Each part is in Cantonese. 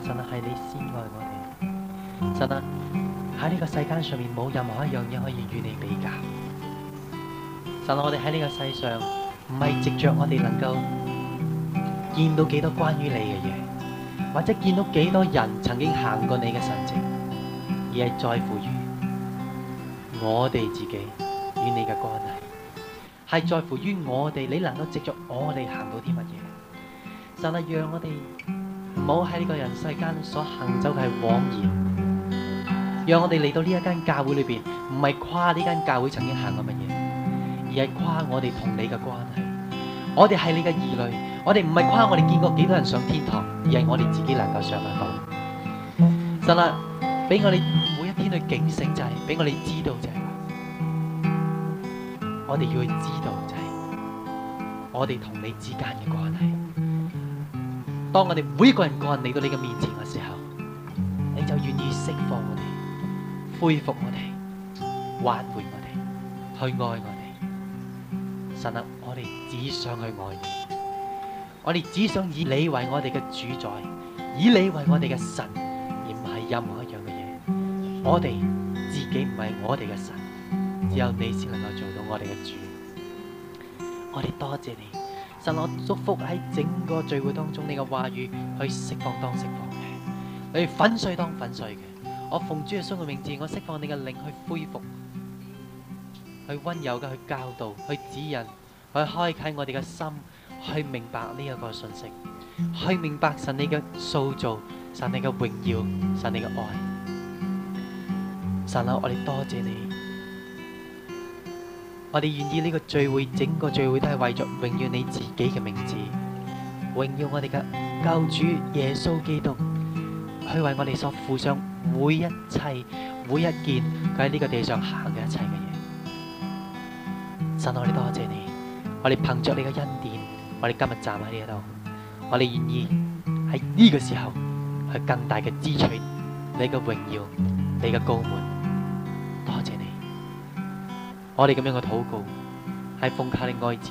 神啊，係你先愛我哋。神啊！喺呢個世間上面，冇任何一樣嘢可以與你比較。神啊，我哋喺呢個世上，唔係藉着我哋能夠見到幾多關於你嘅嘢，或者見到幾多人曾經行過你嘅神蹟，而係在乎於我哋自己與你嘅關係，係在乎於我哋你能夠藉着我哋行到啲乜嘢，神啊，讓我哋。唔好喺呢個人世間所行走嘅係謊言，讓我哋嚟到呢一間教會裏邊，唔係誇呢間教會曾經行過乜嘢，而係誇我哋同你嘅關係。我哋係你嘅兒女，我哋唔係誇我哋見過幾多人上天堂，而係我哋自己能夠上得到。神啊，俾我哋每一天去警醒就係，俾我哋知道就係，我哋要去知道就係，我哋同你之間嘅關係。當我哋每個人個人嚟到你嘅面前嘅時候，你就願意釋放我哋，恢復我哋，挽回我哋，去愛我哋。神啊，我哋只想去愛你，我哋只想以你為我哋嘅主宰，以你為我哋嘅神，而唔係任何一樣嘅嘢。我哋自己唔係我哋嘅神，只有你先能夠做到我哋嘅主。我哋多謝你。神啊，祝福喺整個聚會當中，你嘅話語去釋放當釋放嘅，你粉碎當粉碎嘅。我奉主耶穌嘅名字，我釋放你嘅靈去恢復，去溫柔嘅去教導，去指引，去開啟我哋嘅心，去明白呢一個信息，去明白神你嘅塑造，神你嘅榮耀，神你嘅愛。神啊，我哋多謝你。我哋願意呢個聚會，整個聚會都係為着榮耀你自己嘅名字，榮耀我哋嘅救主耶穌基督，去為我哋所付上每一切，每一件佢喺呢個地上行嘅一切嘅嘢。神啊，我哋多謝你，我哋憑着你嘅恩典，我哋今日站喺呢一度，我哋願意喺呢個時候去更大嘅支取你嘅榮耀，你嘅高門。我哋咁樣嘅禱告，係奉祂嘅愛子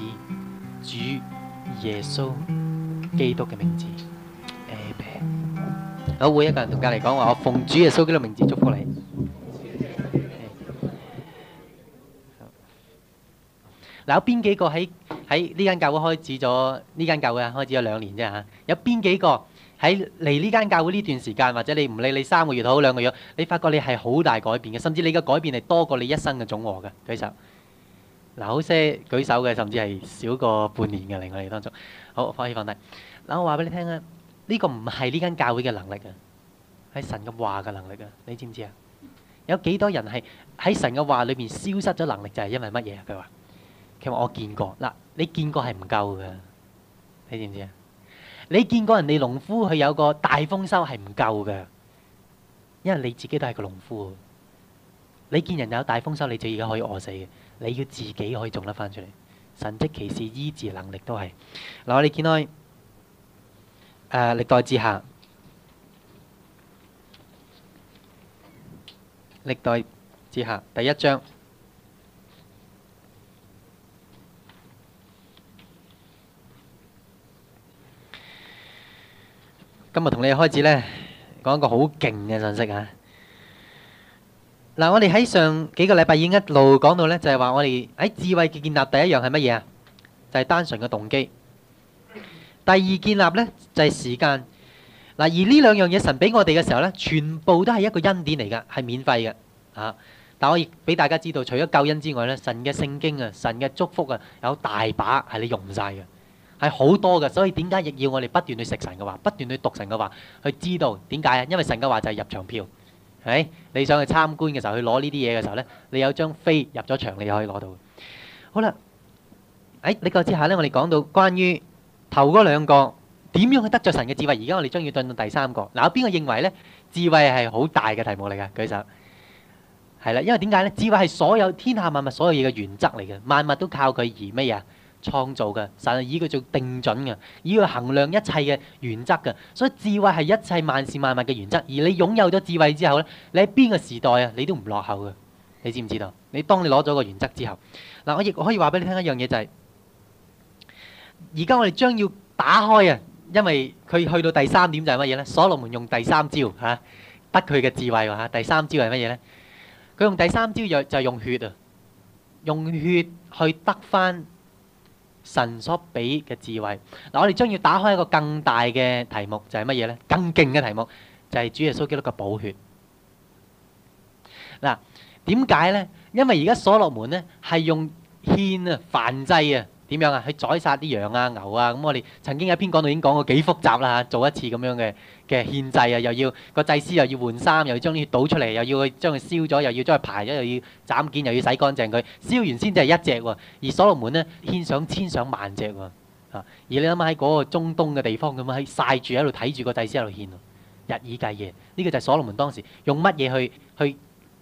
主耶穌基督嘅名字，阿爸，我會一個人同隔籬講話，我奉主耶穌基督嘅名字祝福你。嗱，有邊幾個喺喺呢間教會開始咗呢間教會啊？開始咗兩年啫吓，有邊幾個？喺嚟呢間教會呢段時間，或者你唔理你三個月好兩個月，你發覺你係好大改變嘅，甚至你嘅改變係多過你一生嘅總和嘅舉手。嗱，好些舉手嘅，甚至係少過半年嘅，另外你當中，好可以放低。嗱，我話俾你聽啊，呢個唔係呢間教會嘅能力啊，係神嘅話嘅能力啊，你知唔知啊？有幾多人係喺神嘅話裏面消失咗能力，就係因為乜嘢啊？佢話，佢話我見過。嗱，你見過係唔夠嘅，你知唔知啊？你見過人哋農夫佢有個大豐收係唔夠嘅，因為你自己都係個農夫。你見人有大豐收，你就而家可以餓死嘅，你要自己可以種得翻出嚟。神蹟奇事醫治能力都係。嗱，我哋見開誒歷代志下，歷代志下第一章。今日同你哋開始呢，講一個好勁嘅信息啊。嗱，我哋喺上幾個禮拜已經一路講到呢，就係話我哋喺智慧嘅建立第一樣係乜嘢啊？就係單純嘅動機。第二建立呢就係時間。嗱，而呢兩樣嘢神俾我哋嘅時候呢，全部都係一個恩典嚟㗎，係免費嘅嚇。但係我亦俾大家知道，除咗救恩之外呢，神嘅聖經啊，神嘅祝福啊，有大把係你用唔晒嘅。係好多嘅，所以點解亦要我哋不斷去食神嘅話，不斷去讀神嘅話，去知道點解啊？因為神嘅話就係入場票，係你想去參觀嘅時候，去攞呢啲嘢嘅時候咧，你有張飛入咗場，你就可以攞到。好啦，喺呢個之下咧，我哋講到關於頭嗰兩個點樣去得著神嘅智慧，而家我哋將要進到第三個。嗱，邊個認為咧智慧係好大嘅題目嚟嘅？舉手。係啦，因為點解咧？智慧係所有天下萬物所有嘢嘅原則嚟嘅，萬物都靠佢而咩啊？創造嘅，實係以佢做定準嘅，以佢衡量一切嘅原則嘅，所以智慧係一切萬事萬物嘅原則。而你擁有咗智慧之後咧，你喺邊個時代啊，你都唔落後嘅。你知唔知道？你當你攞咗個原則之後，嗱，我亦可以話俾你聽一樣嘢就係、是，而家我哋將要打開啊，因為佢去到第三點就係乜嘢咧？所羅門用第三招嚇、啊，得佢嘅智慧嚇、啊。第三招係乜嘢咧？佢用第三招就就係用血啊，用血去得翻。神所俾嘅智慧。嗱，我哋將要打開一個更大嘅題目，就係乜嘢咧？更勁嘅題目就係主耶穌基督嘅寶血。嗱，點解咧？因為而家所羅門咧係用獻啊，燔祭啊。點樣啊？去宰殺啲羊啊、牛啊，咁、嗯、我哋曾經喺篇講到已經講過幾複雜啦、啊、做一次咁樣嘅嘅獻祭啊，又要個祭司又要換衫，又要將啲血倒出嚟，又要去將佢燒咗，又要將佢排咗，又要斬件，又要洗乾淨佢。燒完先至係一隻喎、啊，而所羅門呢，獻上千上萬隻喎、啊啊、而你諗下喺嗰個中東嘅地方咁樣喺晒住喺度睇住個祭司喺度獻日以繼夜。呢、這個就係所羅門當時用乜嘢去去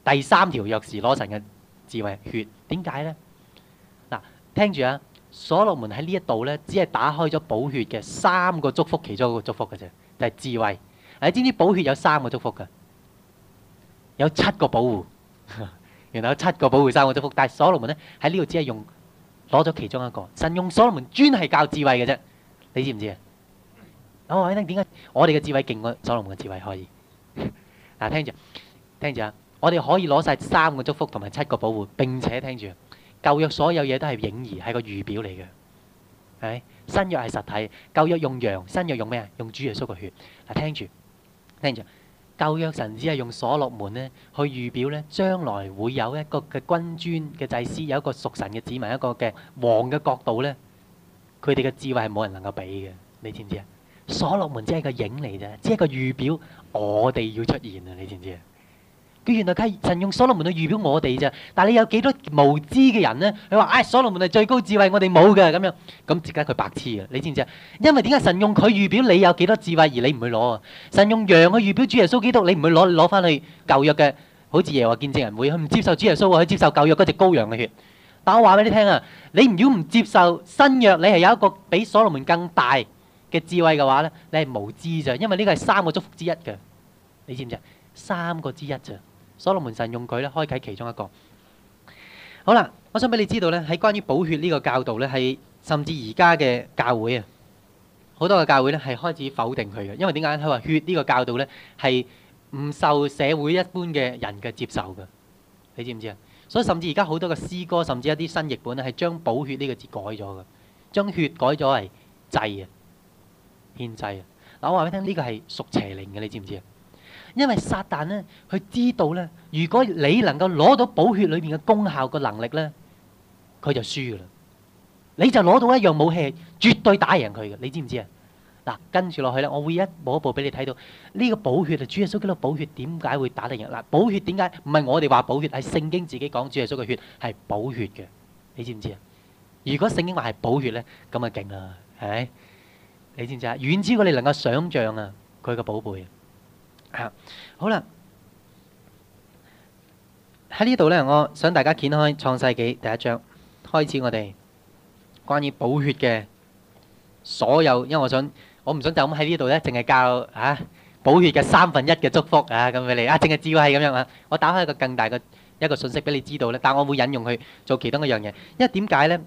第三條鑰匙攞神嘅智慧血點解呢？嗱、啊，聽住啊！所羅門喺呢一度呢，只係打開咗寶血嘅三個祝福，其中一個祝福嘅啫，就係、是、智慧。你知唔知寶血有三個祝福嘅？有七個保護，原 後有七個保護，三個祝福。但係所羅門呢，喺呢度只係用攞咗其中一個。神用所羅門專係教智慧嘅啫，你知唔知啊？哦、我話你聽點解我哋嘅智慧勁過所羅門嘅智慧 們可以？嗱，聽住，聽住啊！我哋可以攞晒三個祝福同埋七個保護，並且聽住。舊約所有嘢都係影兒，係個預表嚟嘅，係咪？新約係實體，舊約用羊，新約用咩啊？用主耶穌嘅血。嗱，聽住，聽住。舊約神只係用所羅門咧，去預表咧將來會有一個嘅君尊嘅祭司，有一個屬神嘅子民，一個嘅王嘅國度咧，佢哋嘅智慧係冇人能夠比嘅，你知唔知啊？所羅門只係個影嚟咋，只係個預表，我哋要出現啊！你知唔知啊？原來神用所羅門去預表我哋咋，但係你有幾多無知嘅人呢？佢話：唉、哎，所羅門係最高智慧，我哋冇嘅咁樣。咁而家佢白痴啊！你知唔知啊？因為點解神用佢預表你有幾多智慧，而你唔去攞啊？神用羊去預表主耶穌基督，你唔去攞，攞翻去舊約嘅，好似耶和華見證人會佢唔接受主耶穌，佢接受舊約嗰隻羔羊嘅血。但我話俾你聽啊，你如果唔接受新約，你係有一個比所羅門更大嘅智慧嘅話咧，你係無知咋，因為呢個係三個祝福之一嘅，你知唔知啊？三個之一咋。所羅門神用佢咧，開啟其中一個。好啦，我想俾你知道咧，喺關於寶血呢個教導咧，係甚至而家嘅教會啊，好多嘅教會咧係開始否定佢嘅，因為點解？佢話血呢個教導咧係唔受社會一般嘅人嘅接受嘅。你知唔知啊？所以甚至而家好多嘅詩歌，甚至一啲新譯本咧，係將寶血呢個字改咗嘅，將血改咗為祭啊，獻祭啊。嗱，我話俾你聽，呢、這個係屬邪靈嘅，你知唔知啊？因為撒旦咧，佢知道咧，如果你能夠攞到寶血裏邊嘅功效嘅能力咧，佢就輸啦。你就攞到一樣武器，絕對打贏佢嘅。你知唔知啊？嗱，跟住落去啦，我會一步一步俾你睇到呢個寶血啊！主耶穌基督嘅寶血點解會打得贏？嗱，寶血點解唔係我哋話寶血，係聖經自己講主耶穌嘅血係寶血嘅。你知唔知啊？如果聖經話係寶血咧，咁啊勁啊，係咪？你知唔知啊？遠超過你能夠想象啊，佢個寶貝。啊，好啦，喺呢度咧，我想大家掀開創世紀第一章，開始我哋關於寶血嘅所有。因為我想我唔想就咁喺呢度咧，淨係教嚇寶血嘅三分一嘅祝福啊咁俾你啊，淨係智慧咁樣啊，我打開一個更大嘅一個信息俾你知道咧，但我會引用去做其他一樣嘢，因為點解咧？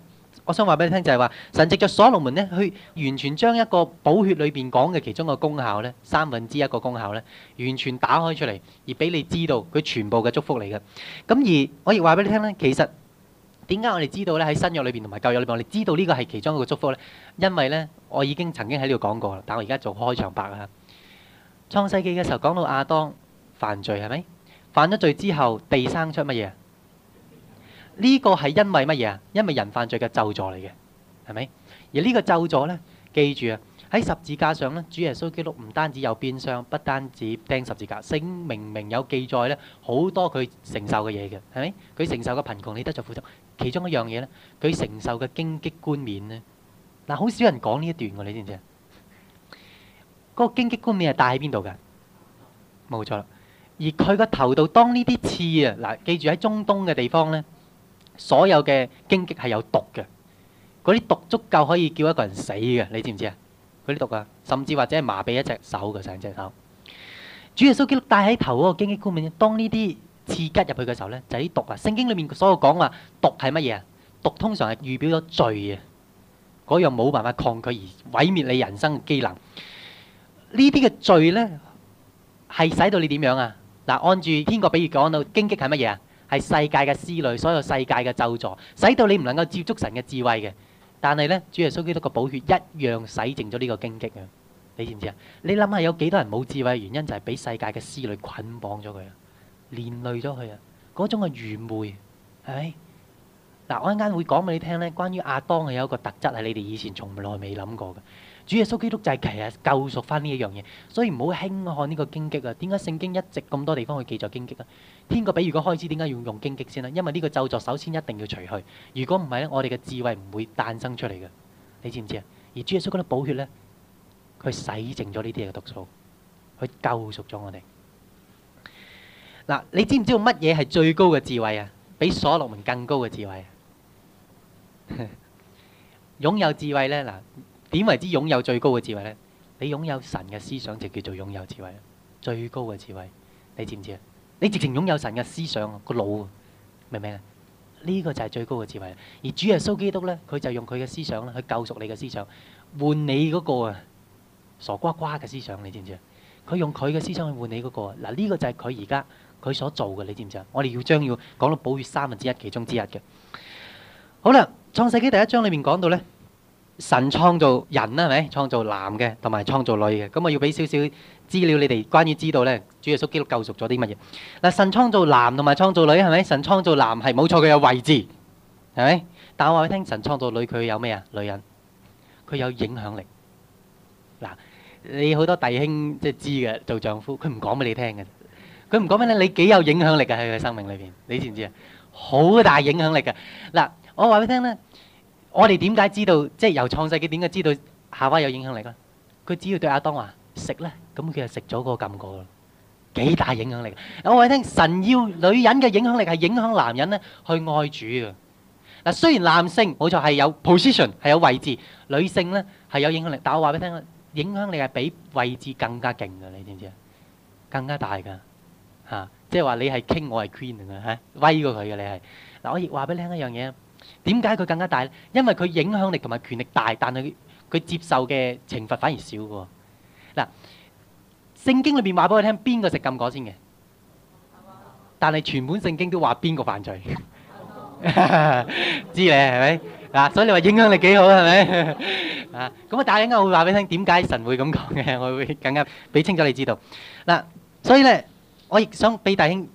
我想話俾你聽就係話，神藉着所羅門咧，去完全將一個補血裏邊講嘅其中個功效咧，三分之一個功效咧，完全打開出嚟而俾你知道佢全部嘅祝福嚟嘅。咁而我亦話俾你聽咧，其實點解我哋知道咧喺新約裏邊同埋舊約裏邊，我哋知道呢個係其中一個祝福咧？因為咧，我已經曾經喺呢度講過啦。但我而家做開場白啊，創世紀嘅時候講到亞當犯罪係咪？犯咗罪之後，地生出乜嘢？呢個係因為乜嘢啊？因為人犯罪嘅咒詛嚟嘅，係咪？而呢個咒詛呢，記住啊，喺十字架上咧，主耶穌基督唔單止有鞭傷，不單止釘十字架，聖經明明有記載呢，好多佢承受嘅嘢嘅，係咪？佢承受嘅貧窮，你得着富足；其中一樣嘢呢，佢承受嘅荊棘冠冕呢，嗱、啊，好少人講呢一段㗎、啊，你知唔知啊？嗰、那個荊棘冠冕係戴喺邊度㗎？冇錯啦，而佢個頭度當呢啲刺啊！嗱，記住喺中東嘅地方呢。所有嘅荊棘係有毒嘅，嗰啲毒足夠可以叫一個人死嘅，你知唔知啊？嗰啲毒啊，甚至或者麻痹一隻手嘅成隻手。主耶穌基督戴喺頭嗰個荊棘冠冕，當呢啲刺吉入去嘅時候呢，就係、是、啲毒啊！聖經裏面所有講話，毒係乜嘢啊？毒通常係預表咗罪啊，嗰樣冇辦法抗拒而毀滅你人生嘅機能。呢啲嘅罪呢，係使到你點樣啊？嗱，按住天國比喻講到經濟是什麼，荊棘係乜嘢啊？係世界嘅思慮，所有世界嘅咒助，使到你唔能夠接觸神嘅智慧嘅。但係呢，主耶穌基督嘅寶血一樣洗淨咗呢個荊棘啊！你知唔知啊？你諗下有幾多人冇智慧，原因就係俾世界嘅思慮捆綁咗佢啊，連累咗佢啊！嗰種嘅愚昧，係咪？嗱，我一陣會講俾你聽呢，關於亞當係有一個特質係你哋以前從來未諗過嘅。主耶穌基督就係其實救贖翻呢一樣嘢，所以唔好輕看呢個荊棘啊！點解聖經一直咁多地方去記載荊棘？天個比如果開始點解要用荊棘先咧？因為呢個咒詛首先一定要除去，如果唔係咧，我哋嘅智慧唔會誕生出嚟嘅，你知唔知啊？而主耶穌嗰粒寶血咧，佢洗淨咗呢啲嘅毒素，佢救贖咗我哋。嗱，你知唔知道乜嘢係最高嘅智慧啊？比所羅門更高嘅智慧啊！擁 有智慧咧，嗱。點為之擁有最高嘅智慧呢？你擁有神嘅思想就叫做擁有智慧啦，最高嘅智慧，你知唔知啊？你直情擁有神嘅思想，那個腦，明唔明啊？呢，這個就係最高嘅智慧啦。而主耶穌基督呢，佢就用佢嘅思想去救贖你嘅思想，換你嗰，那個啊傻瓜瓜嘅思想，你知唔知啊？佢用佢嘅思想去換你嗰，那個，嗱，這，呢個就係佢而家佢所做嘅，你知唔知啊？我哋要將要講到寶血三分之一，其中之一嘅。好啦，創世記第一章裏面講到呢。神創造人啦，係咪？創造男嘅同埋創造女嘅，咁我要俾少少資料你哋，關於知道咧，主耶穌基督救贖咗啲乜嘢？嗱，神創造男同埋創造女係咪？神創造男係冇錯，佢有位置，係咪？但我話俾你聽，神創造女佢有咩啊？女人，佢有影響力。嗱，你好多弟兄即係知嘅，做丈夫，佢唔講俾你聽嘅，佢唔講俾你聽，你幾有影響力嘅喺佢生命裏邊，你知唔知啊？好大影響力嘅。嗱，我話俾你聽咧。我哋點解知道，即係由創世記點解知道夏娃有影響力咧？佢只要對亞當話食咧，咁佢就食咗嗰個感覺咯。幾大影響力？我話俾你聽，神要女人嘅影響力係影響男人咧去愛主嘅。嗱，雖然男性冇錯係有 position 係有位置，女性咧係有影響力，但係我話俾你聽，影響力係比位置更加勁㗎，你知唔知？更加大㗎嚇，即係話你係 king，我係 queen 啊嚇，威過佢嘅你係。嗱，我亦話俾你聽一樣嘢。點解佢更加大咧？因為佢影響力同埋權力大，但係佢接受嘅懲罰反而少嘅。嗱，聖經裏面話俾我聽邊個食禁果先嘅？但係全本聖經都話邊個犯罪？知你係咪？嗱，所以你話影響力幾好係咪？啊，咁啊，大陣，我會話俾你聽點解神會咁講嘅，我會更加俾清楚你知道。嗱，所以咧，我亦想俾大兄、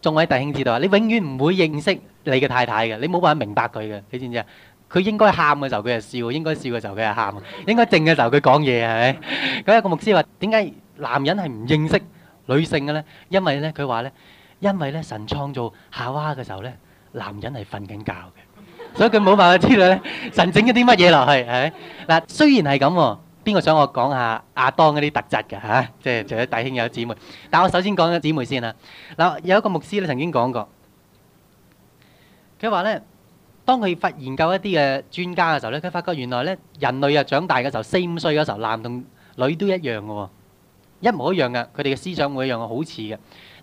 眾位大兄知道啊，你永遠唔會認識。你嘅太太嘅，你冇辦法明白佢嘅，你知唔知啊？佢應該喊嘅時候佢係笑，應該笑嘅時候佢係喊，應該靜嘅時候佢講嘢，係咪？咁有一個牧師話：點解男人係唔認識女性嘅咧？因為咧佢話咧，因為咧神創造夏娃嘅時候咧，男人係瞓緊覺嘅，所以佢冇辦法知道咧神整咗啲乜嘢落去，係咪？嗱，雖然係咁喎，邊個想我講下亞當嗰啲特質嘅嚇？即係除咗弟兄又有姊妹，但係我首先講咗姊妹先啦。嗱，有一個牧師咧曾經講過。佢話咧，當佢發研究一啲嘅專家嘅時候咧，佢發覺原來咧人類啊長大嘅時候四五歲嘅時候男同女都一樣嘅，哦，一模一樣嘅，佢哋嘅思想會一樣嘅，好似嘅。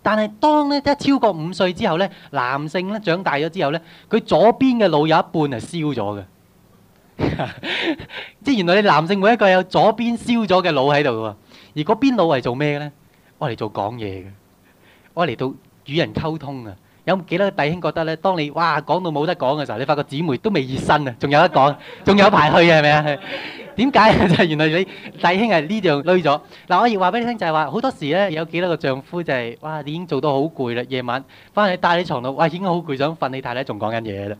但係當咧一超過五歲之後咧，男性咧長大咗之後咧，佢左邊嘅腦有一半係燒咗嘅， 即係原來你男性每一個有左邊燒咗嘅腦喺度嘅。而嗰邊腦係做咩咧？我嚟做講嘢嘅，我嚟到與人溝通啊。有幾多個弟兄覺得咧？當你哇講到冇得講嘅時候，你發覺姊妹都未熱身啊，仲有得講，仲有排去嘅係咪啊？點解啊？就係原來你弟兄係呢度累咗。嗱，我亦話俾你聽，就係話好多時咧，有幾多個丈夫就係哇，你已經做到好攰啦，夜晚翻去帶你牀度，哇已經好攰，想瞓你太咧，仲講緊嘢啦。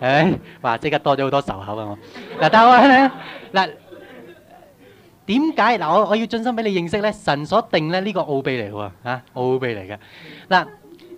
唉，哇即刻多咗好多仇口啊！我嗱，但係咧嗱，點解嗱我我要盡心俾你認識咧？神所定咧呢個奧秘嚟喎嚇，奧秘嚟嘅嗱。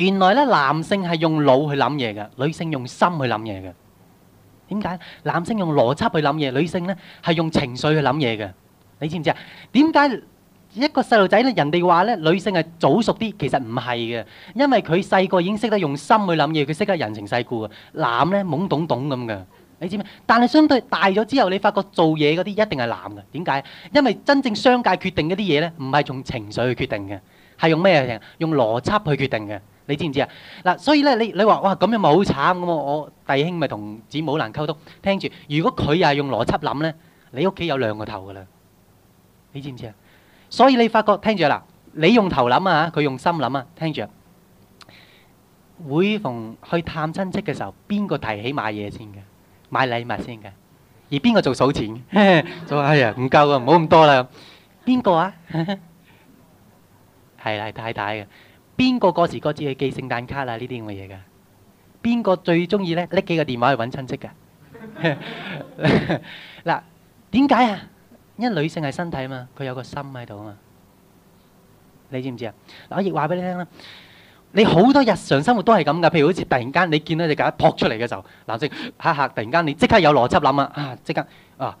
原來咧，男性係用腦去諗嘢嘅，女性用心去諗嘢嘅。點解？男性用邏輯去諗嘢，女性咧係用情緒去諗嘢嘅。你知唔知啊？點解一個細路仔咧，人哋話咧女性係早熟啲，其實唔係嘅，因為佢細個已經識得用心去諗嘢，佢識得人情世故啊。男咧懵懂懂咁嘅，你知唔知？但係相對大咗之後，你發覺做嘢嗰啲一定係男嘅。點解？因為真正商界決定嗰啲嘢咧，唔係從情緒去決定嘅，係用咩嘢？用邏輯去決定嘅。你知唔知啊？嗱，所以咧，你你話哇，咁樣咪好慘咁喎？我弟兄咪同姊妹難溝通。聽住，如果佢又係用邏輯諗咧，你屋企有兩個頭噶啦。你知唔知啊？所以你發覺，聽住啦，你用頭諗啊，佢用心諗啊。聽住，每逢去探親戚嘅時候，邊個提起買嘢先嘅？買禮物先嘅？而邊個做數錢？做啊，哎呀，唔夠啊，唔好咁多啦。邊個啊？係啦，太太嘅。邊個過時過節去寄聖誕卡啦？呢啲咁嘅嘢噶？邊個最中意咧？拎幾個電話去搵親戚噶？嗱，點解啊？因為女性係身體啊嘛，佢有個心喺度啊嘛，你知唔知啊？嗱，我亦話俾你聽啦，你好多日常生活都係咁噶，譬如好似突然間你見到隻曱甴撲出嚟嘅時候，男性吓吓，突然間你即刻有邏輯諗啊，啊，即刻啊，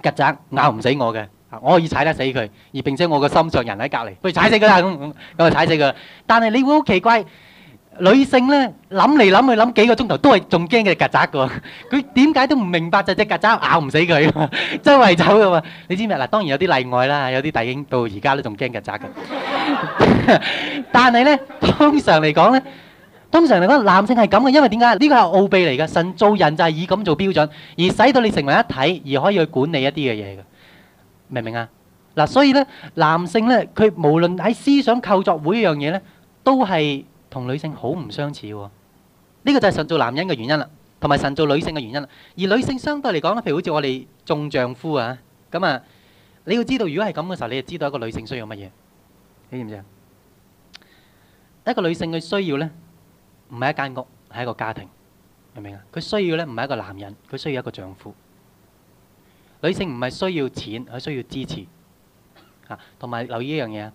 曱甴咬唔死我嘅。我可以踩得死佢，而並且我個心上人喺隔籬，不如踩死佢啦！咁咁咁啊，踩死佢。但係你會好奇怪，女性咧，諗嚟諗去諗幾個鐘頭，都係仲驚嘅曱甴㗎。佢點解都唔明白就隻曱甴咬唔死佢？周圍走㗎嘛。你知唔知啊？嗱，當然有啲例外啦，有啲已經到而家都仲驚曱甴嘅。但係咧，通常嚟講咧，通常嚟講男性係咁嘅，因為點解？呢個係奧秘嚟嘅。神造人就係以咁做標準，而使到你成為一體，而可以去管理一啲嘅嘢嘅。明唔明啊？嗱，所以咧，男性咧，佢無論喺思想構作會一樣嘢咧，都係同女性好唔相似喎。呢個就係神做男人嘅原因啦，同埋神做女性嘅原因啦。而女性相對嚟講咧，譬如好似我哋眾丈夫啊，咁啊，你要知道，如果係咁嘅時候，你就知道一個女性需要乜嘢。你認唔認？一個女性嘅需要咧，唔係一間屋，係一個家庭。明唔明啊？佢需要咧，唔係一個男人，佢需要一個丈夫。女性唔係需要錢，佢需要支持。啊，同埋留意一樣嘢啊！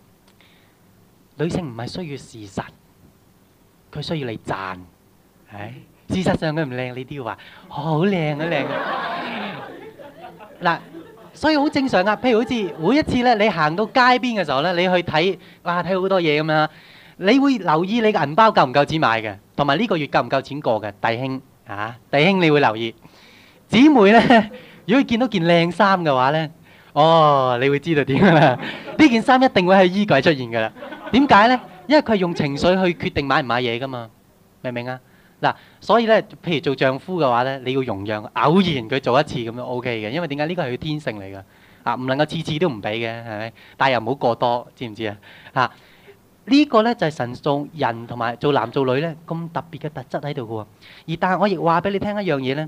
女性唔係需要事實，佢需要你讚。係事實上佢唔靚，你都要話好靚啊靚。嗱，所以好正常噶。譬如好似每一次咧，你行到街邊嘅時候咧，你去睇哇睇好多嘢咁樣，你會留意你嘅銀包夠唔夠錢買嘅，同埋呢個月夠唔夠錢過嘅，弟兄啊，弟兄你會留意，姊妹咧。如果見到件靚衫嘅話呢，哦，你會知道點啦！呢件衫一定會喺衣櫃出現噶啦。點解呢？因為佢係用情緒去決定買唔買嘢噶嘛，明唔明啊？嗱，所以呢，譬如做丈夫嘅話呢，你要容讓，偶然佢做一次咁樣 O K 嘅，因為點解呢個係佢天性嚟噶啊。唔能夠次次都唔俾嘅，係咪？但又唔好過多，知唔知啊？啊，呢個呢就係神造人同埋做男做女呢，咁特別嘅特質喺度嘅喎。而但係我亦話俾你聽一樣嘢呢。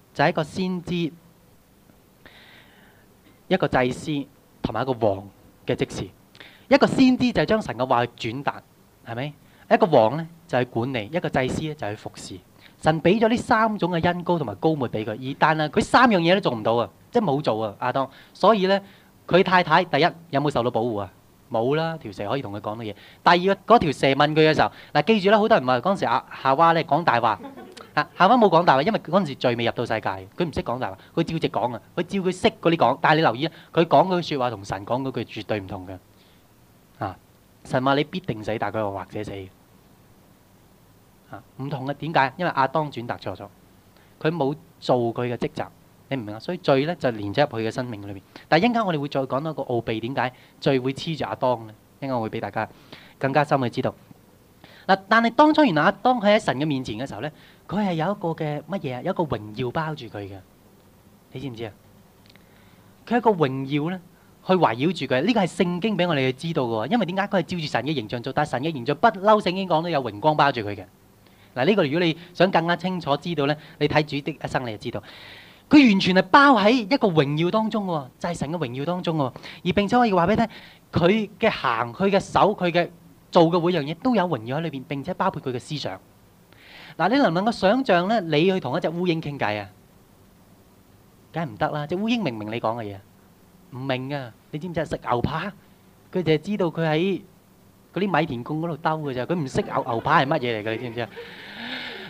就係一個先知，一個祭司同埋一個王嘅職事。一個先知就係將神嘅話去轉達，係咪？一個王咧就係管理，一個祭司咧就係服侍。神俾咗呢三種嘅恩膏同埋高末俾佢，而但係佢三樣嘢都做唔到啊，即係冇做啊，亞當。所以咧，佢太太第一有冇受到保護啊？冇啦，條蛇可以同佢講啲嘢。第二個嗰條蛇問佢嘅時候，嗱，記住啦，好多人話嗰時阿夏娃咧講大話。夏娃冇講大話，因為嗰陣時罪未入到世界，佢唔識講大話，佢照直講啊，佢照佢識嗰啲講，但係你留意啊，佢講嗰句説話同神講嗰句絕對唔同嘅，啊，神話你必定死，但係佢話或者死，啊，唔同嘅，點解？因為阿當轉達錯咗，佢冇做佢嘅職責，你唔明啊？所以罪咧就連接入去佢嘅生命裏面。但係一陣間我哋會再講多個奧秘，點解罪會黐住阿當咧？一陣間我會俾大家更加深嘅知道。嗱，但係當初原來阿當佢喺神嘅面前嘅時候咧，佢係有一個嘅乜嘢啊？有一個榮耀包住佢嘅，你知唔知啊？佢係一個榮耀咧，去圍繞住佢。呢個係聖經俾我哋去知道嘅喎。因為點解佢係照住神嘅形象做？但係神嘅形象不嬲，聖經講都有榮光包住佢嘅。嗱，呢個如果你想更加清楚知道咧，你睇主的一生你就知道。佢完全係包喺一個榮耀當中喎，就係神嘅榮耀當中喎。而並且我要話俾你聽，佢嘅行、佢嘅手、佢嘅。做嘅每樣嘢都有榮耀喺裏邊，並且包括佢嘅思想。嗱，你能唔能夠想象咧？你去同一隻烏蠅傾偈啊？梗係唔得啦！隻烏蠅明唔明你講嘅嘢？唔明啊！你知唔知係食牛扒，佢就係知道佢喺嗰啲米田共嗰度兜嘅啫。佢唔識牛牛扒係乜嘢嚟嘅？你知唔知啊？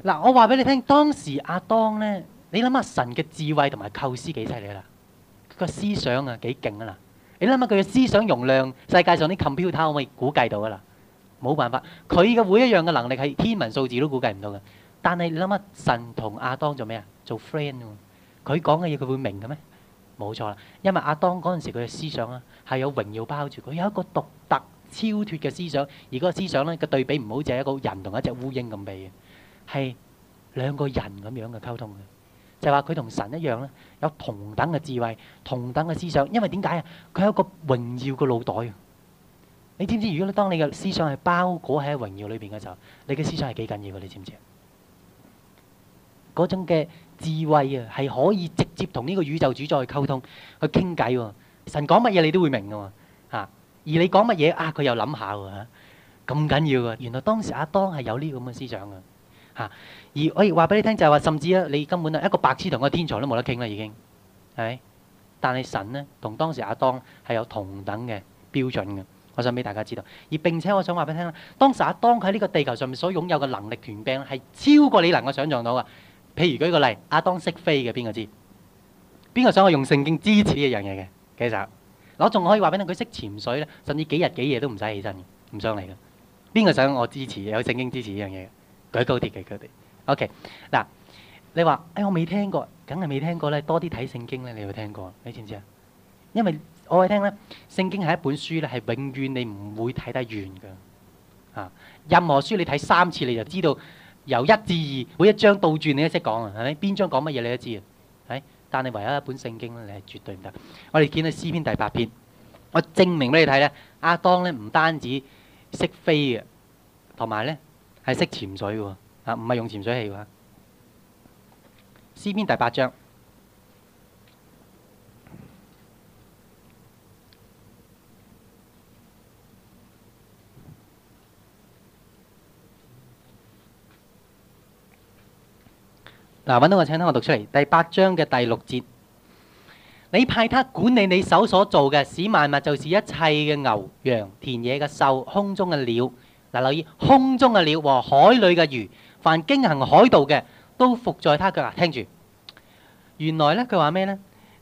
嗱，我話俾你聽，當時阿當咧，你諗下神嘅智慧同埋構思幾犀利啦！個思想啊幾勁啊啦！你諗下佢嘅思想容量，世界上啲 computer 可唔可以估計到噶啦？冇辦法，佢嘅每一樣嘅能力係天文數字都估計唔到嘅。但係你諗下，神同亞當做咩啊？做 friend 喎。佢講嘅嘢佢會明嘅咩？冇錯啦。因為亞當嗰陣時佢嘅思想啊係有榮耀包住佢，有一個獨特超脫嘅思想。而嗰個思想咧嘅對比唔好似係一個人同一隻烏蠅咁比嘅，係兩個人咁樣嘅溝通嘅。就係話佢同神一樣咧，有同等嘅智慧、同等嘅思想。因為點解啊？佢係一個榮耀嘅腦袋。你知唔知？如果你當你嘅思想係包裹喺榮耀裏邊嘅時候，你嘅思想係幾緊要嘅？你知唔知啊？嗰種嘅智慧啊，係可以直接同呢個宇宙主宰去溝通，去傾偈喎。神講乜嘢你都會明嘅嘛嚇、啊、而你講乜嘢啊？佢又諗下喎。咁緊要啊！原來當時阿當係有呢咁嘅思想嘅嚇、啊。而我亦話俾你聽，就係話，甚至啊，你根本啊一個白痴同個天才都冇得傾啦，已經係。但係神咧同當時阿當係有同等嘅標準嘅。我想俾大家知道，而並且我想話俾你聽啦。當時阿當喺呢個地球上面所擁有嘅能力權柄，係超過你能夠想像到嘅。譬如舉個例，阿當識飛嘅，邊個知？邊個想我用聖經支持呢樣嘢嘅？其實，我仲可以話俾你，佢識潛水咧，甚至幾日幾夜都唔使起身，唔上嚟嘅。邊個想我支持有聖經支持呢樣嘢嘅？舉高啲嘅佢哋。OK，嗱，你話，哎，我未聽過，梗係未聽過咧。多啲睇聖經咧，你會聽過，你知唔知啊？因為。我話你聽咧，聖經係一本書咧，係永遠你唔會睇得完噶。啊，任何書你睇三次，你就知道由一至二每一章倒轉你都識講啊，係咪？邊章講乜嘢你都知啊？係，但係唯有一本聖經咧，你係絕對唔得。我哋見到詩篇第八篇，我證明俾你睇咧，阿當咧唔單止識飛嘅，同埋咧係識潛水嘅，啊，唔係用潛水器嘅。詩篇第八章。嗱，揾到個請聽，我讀出嚟。第八章嘅第六節，你派他管理你手所做嘅，使萬物就是一切嘅牛羊、田野嘅獸、空中嘅鳥。嗱，留意空中嘅鳥和海裡嘅魚，凡經行海道嘅，都伏在他腳下。聽住，原來咧，佢話咩咧？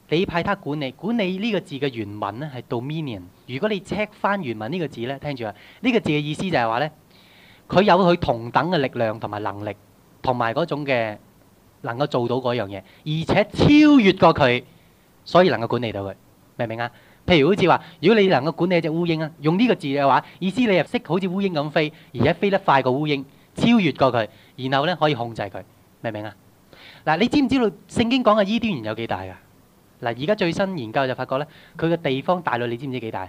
你派他管理，管理呢個字嘅原文咧係 dominion。Dom ian, 如果你 check 翻原文呢個字咧，聽住啊，呢、呢個字嘅意思就係話咧，佢有佢同等嘅力量同埋能力，同埋嗰種嘅。能夠做到嗰樣嘢，而且超越過佢，所以能夠管理到佢，明唔明啊？譬如好似話，如果你能夠管理一隻烏蠅啊，用呢個字嘅話，意思你入識好似烏蠅咁飛，而且飛得快過烏蠅，超越過佢，然後咧可以控制佢，明唔明啊？嗱，你知唔知道聖經講嘅伊甸園有幾大啊？嗱，而家最新研究就發覺咧，佢嘅地方大到你知唔知幾大？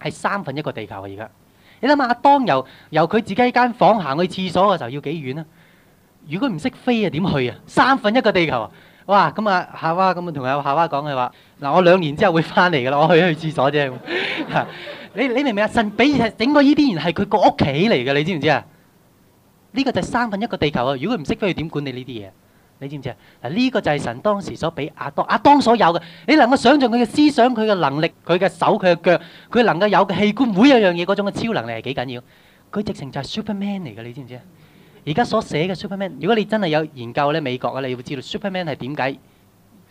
係三分一個地球啊。而家，你諗下，當由由佢自己間房行去廁所嘅時候要幾遠啊？如果唔識飛啊，點去啊？三分一個地球，哇！咁啊，夏娃咁啊，同阿夏娃講嘅話，嗱，我兩年之後會翻嚟噶啦，我去一去廁所啫。你你明唔明啊？神俾你整個呢啲人係佢個屋企嚟嘅，你知唔知啊？呢個就係三分一個地球啊！如果佢唔識飛，佢點管理呢啲嘢？你知唔知啊？嗱，呢個就係神當時所俾亞當亞當所有嘅。你能夠想象佢嘅思想、佢嘅能力、佢嘅手、佢嘅腳、佢能夠有嘅器官，每一樣嘢嗰種嘅超能力係幾緊要？佢直情就係 Superman 嚟嘅，你知唔知啊？而家所寫嘅 Superman，如果你真係有研究咧，美國嘅，你要知道 Superman 係點解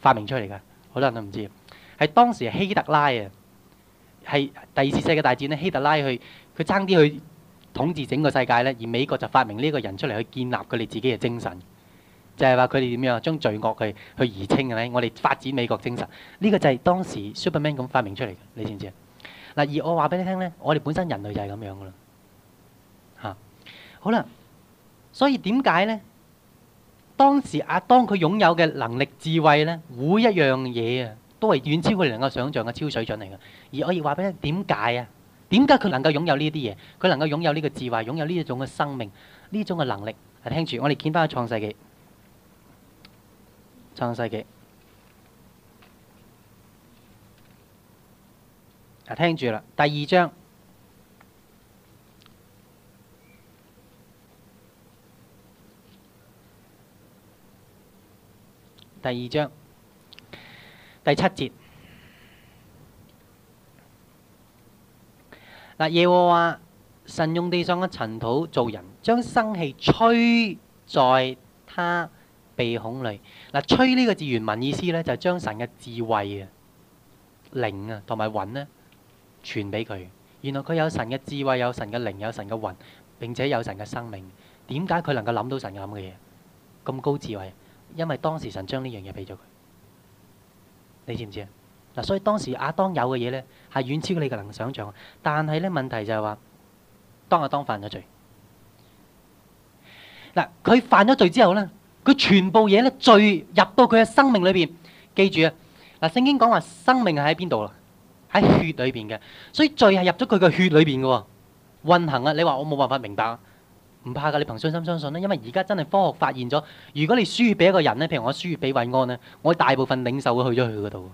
發明出嚟嘅，好多人都唔知。係當時希特拉啊，係第二次世界大戰咧，希特拉去佢爭啲去統治整個世界咧，而美國就發明呢個人出嚟去建立佢哋自己嘅精神，就係話佢哋點樣將罪惡佢去，去移清係咪？我哋發展美國精神，呢、呢個就係當時 Superman 咁發明出嚟嘅，你知唔知啊？嗱，而我話俾你聽咧，我哋本身人類就係咁樣噶啦，嚇、啊，好啦。所以點解呢？當時阿當佢擁有嘅能力、智慧呢，每一樣嘢啊，都係遠超佢哋能夠想像嘅超水準嚟嘅。而我亦話俾你點解啊？點解佢能夠擁有呢啲嘢？佢能夠擁有呢個智慧、擁有呢一種嘅生命、呢種嘅能力？啊，聽住，我哋見翻創世記，創世記啊，聽住啦，第二章。第二章第七節，嗱，耶和華神用地上嘅塵土造人，將生氣吹在他鼻孔裏。嗱，吹呢個字原文意思咧，就係將神嘅智慧啊、靈啊同埋魂咧，傳俾佢。原來佢有神嘅智慧，有神嘅靈，有神嘅魂，並且有神嘅生命。點解佢能夠諗到神諗嘅嘢？咁高智慧？因為當時神將呢樣嘢俾咗佢，你知唔知啊？嗱，所以當時亞當有嘅嘢咧，係遠超你嘅能想象。但係咧，問題就係話，當亞當犯咗罪。嗱，佢犯咗罪之後咧，佢全部嘢咧，罪入到佢嘅生命裏邊。記住啊，嗱，聖經講話生命係喺邊度啦？喺血裏邊嘅，所以罪係入咗佢嘅血裏邊嘅喎，運行啊！你話我冇辦法明白。唔怕噶，你憑信心相信啦！因為而家真係科學發現咗，如果你輸血俾一個人咧，譬如我輸血俾韋安咧，我大部分領受會去咗佢嗰度，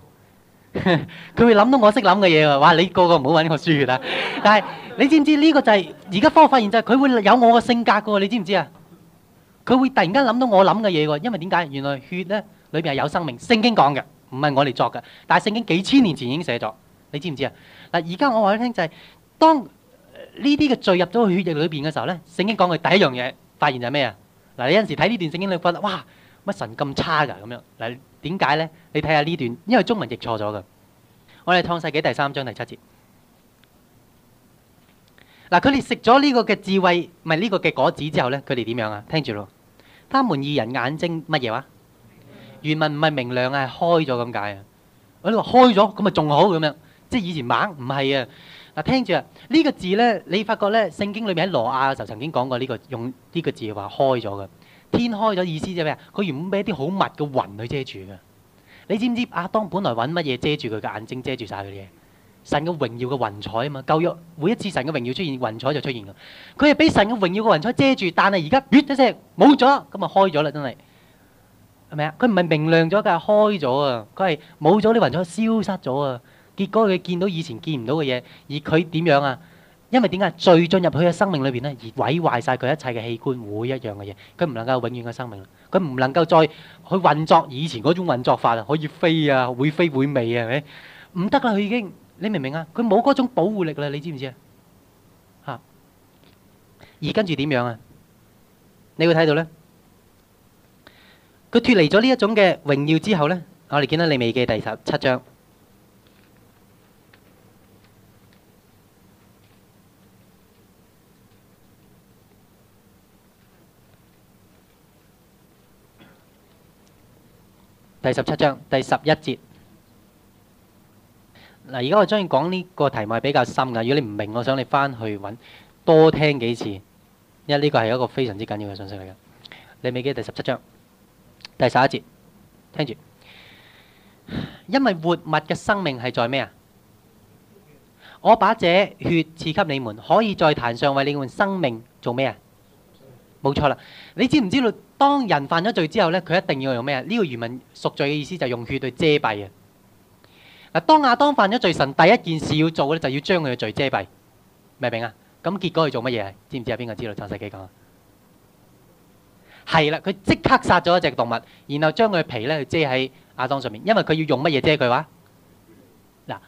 佢 會諗到我識諗嘅嘢喎。哇！你個個唔好揾我輸血啊！ 但係你知唔知呢、呢個就係而家科學發現就係佢會有我個性格嘅喎？你知唔知啊？佢會突然間諗到我諗嘅嘢喎，因為點解？原來血咧裏邊係有生命，聖經講嘅，唔係我嚟作嘅，但係聖經幾千年前已經寫咗，你知唔知啊？嗱、就是，而家我話你聽就係當。呢啲嘅罪入咗去血液裏邊嘅時候咧，聖經講嘅第一樣嘢發現就係咩啊？嗱，你有陣時睇呢段聖經你覺得哇，乜神咁差噶咁樣？嗱，點解咧？你睇下呢段，因為中文譯錯咗噶。我哋創世記第三章第七節。嗱，佢哋食咗呢個嘅智慧，唔係呢個嘅果子之後咧，佢哋點樣啊？聽住咯，他們二人眼睛乜嘢話？原文唔係明亮啊，係開咗咁解啊。我哋話開咗，咁啊仲好咁樣，即係以前盲唔係啊。聽住啊，呢個字咧，你發覺咧，聖經裏面喺羅亞嘅時候曾經講過呢個用呢個字嘅話開咗嘅，天開咗，意思就係咩啊？佢原本俾啲好密嘅雲去遮住嘅。你知唔知道阿當本來搵乜嘢遮住佢嘅眼睛，遮住晒佢嘅嘢？神嘅榮耀嘅雲彩啊嘛，舊約每一次神嘅榮耀出現，雲彩就出現嘅。佢係俾神嘅榮耀嘅雲彩遮住，但係而家，一聲冇咗，咁啊開咗啦，真係係咪啊？佢唔係明亮咗，佢係開咗啊！佢係冇咗啲雲彩，消失咗啊！結果佢見到以前見唔到嘅嘢，而佢點樣啊？因為點解罪進入佢嘅生命裏邊咧，而毀壞晒佢一切嘅器官，每一樣嘅嘢，佢唔能夠永遠嘅生命啦，佢唔能夠再去運作以前嗰種運作法啦，可以飛啊，會飛會飛啊，係咪？唔得啦，佢已經，你明唔明啊？佢冇嗰種保護力啦，你知唔知啊？吓，而跟住點樣啊？你會睇到咧，佢脫離咗呢一種嘅榮耀之後咧，我哋見到你未記第十七章。第十七章第十一節嗱，而家我中意講呢個題目係比較深噶。如果你唔明，我想你翻去搵多聽幾次，因為呢個係一個非常之緊要嘅信息嚟嘅。你未記得？第十七章第十一節，聽住，因為活物嘅生命係在咩啊？我把這血賜給你們，可以在壇上為你們生命做咩啊？冇錯啦，你知唔知道？當人犯咗罪之後咧，佢一定要用咩？呢、這個漁民贖罪嘅意思就係用血嚟遮蔽啊！嗱，當亞當犯咗罪，神第一件事要做咧，就要將佢嘅罪遮蔽，明唔明啊？咁結果佢做乜嘢？知唔知有邊個知道？創世紀講，係啦，佢即刻殺咗一隻動物，然後將佢皮咧遮喺亞當上面，因為佢要用乜嘢遮？佢、這、話、個：嗱，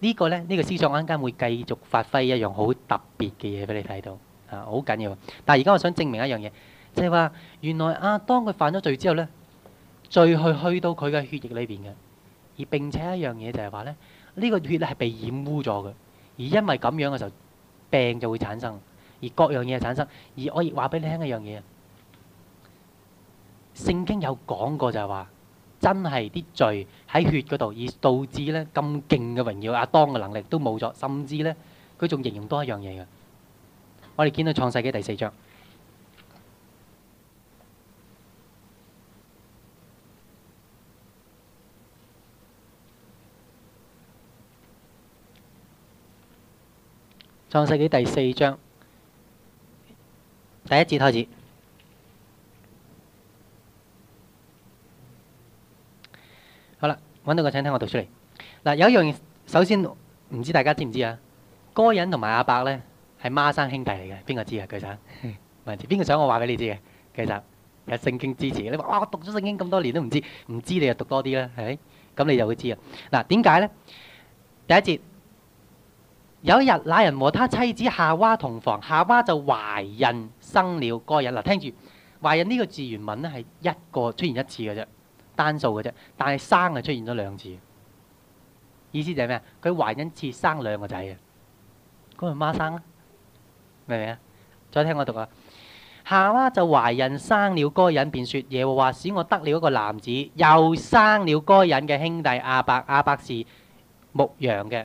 呢個咧，呢個思想我陣間會繼續發揮一樣好特別嘅嘢俾你睇到啊，好緊要。但係而家我想證明一樣嘢。即係話，原來阿當佢犯咗罪之後咧，罪去去到佢嘅血液裏邊嘅，而並且一樣嘢就係話咧，呢個血係被染污咗嘅，而因為咁樣嘅時候，病就會產生，而各樣嘢產生，而我亦話俾你聽一樣嘢，聖經有講過就係話，真係啲罪喺血嗰度，而導致咧咁勁嘅榮耀，阿當嘅能力都冇咗，甚至咧佢仲形容多一樣嘢嘅，我哋見到創世記第四章。創世紀第四章第一節開始，好啦，揾到個請聽我讀出嚟。嗱，有一樣嘢，首先唔知大家知唔知啊？該隱同埋亞伯咧係孖生兄弟嚟嘅，邊個知啊？巨想，唔係邊個想？我話俾你知嘅，其實有聖經支持。你話哇，我讀咗聖經咁多年都唔知，唔知你就讀多啲啦，係咪？咁你就會知啊。嗱，點解咧？第一節。有一日，那人和他妻子夏娃同房，夏娃就懷孕生了該隱。嗱、啊，聽住懷孕呢個字原文咧係一個出現一次嘅啫，單數嘅啫。但係生係出現咗兩次，意思就係咩啊？佢懷孕一次生兩個仔嘅，咁阿媽，媽生啦，明唔明啊？再聽我讀啊，夏娃就懷孕生了該隱，便説：耶和華使我得了一個男子，又生了該隱嘅兄弟亞伯。亞伯是牧羊嘅。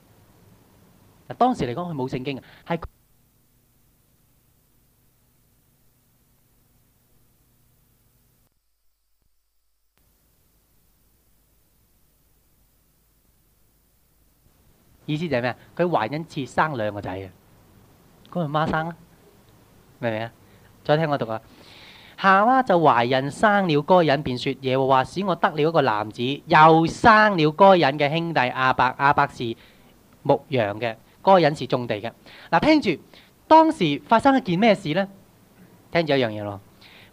當時嚟講，佢冇聖經嘅，係意思就係咩？佢懷孕次生兩個仔啊！嗰個媽生啦，明唔明啊？再聽我讀啊！夏娃就懷孕生了該隱，便說：耶和華使我得了一個男子，又生了該隱嘅兄弟亞伯。亞伯是牧羊嘅。該隱係種地嘅。嗱，聽住當時發生一件咩事咧？聽住一樣嘢咯。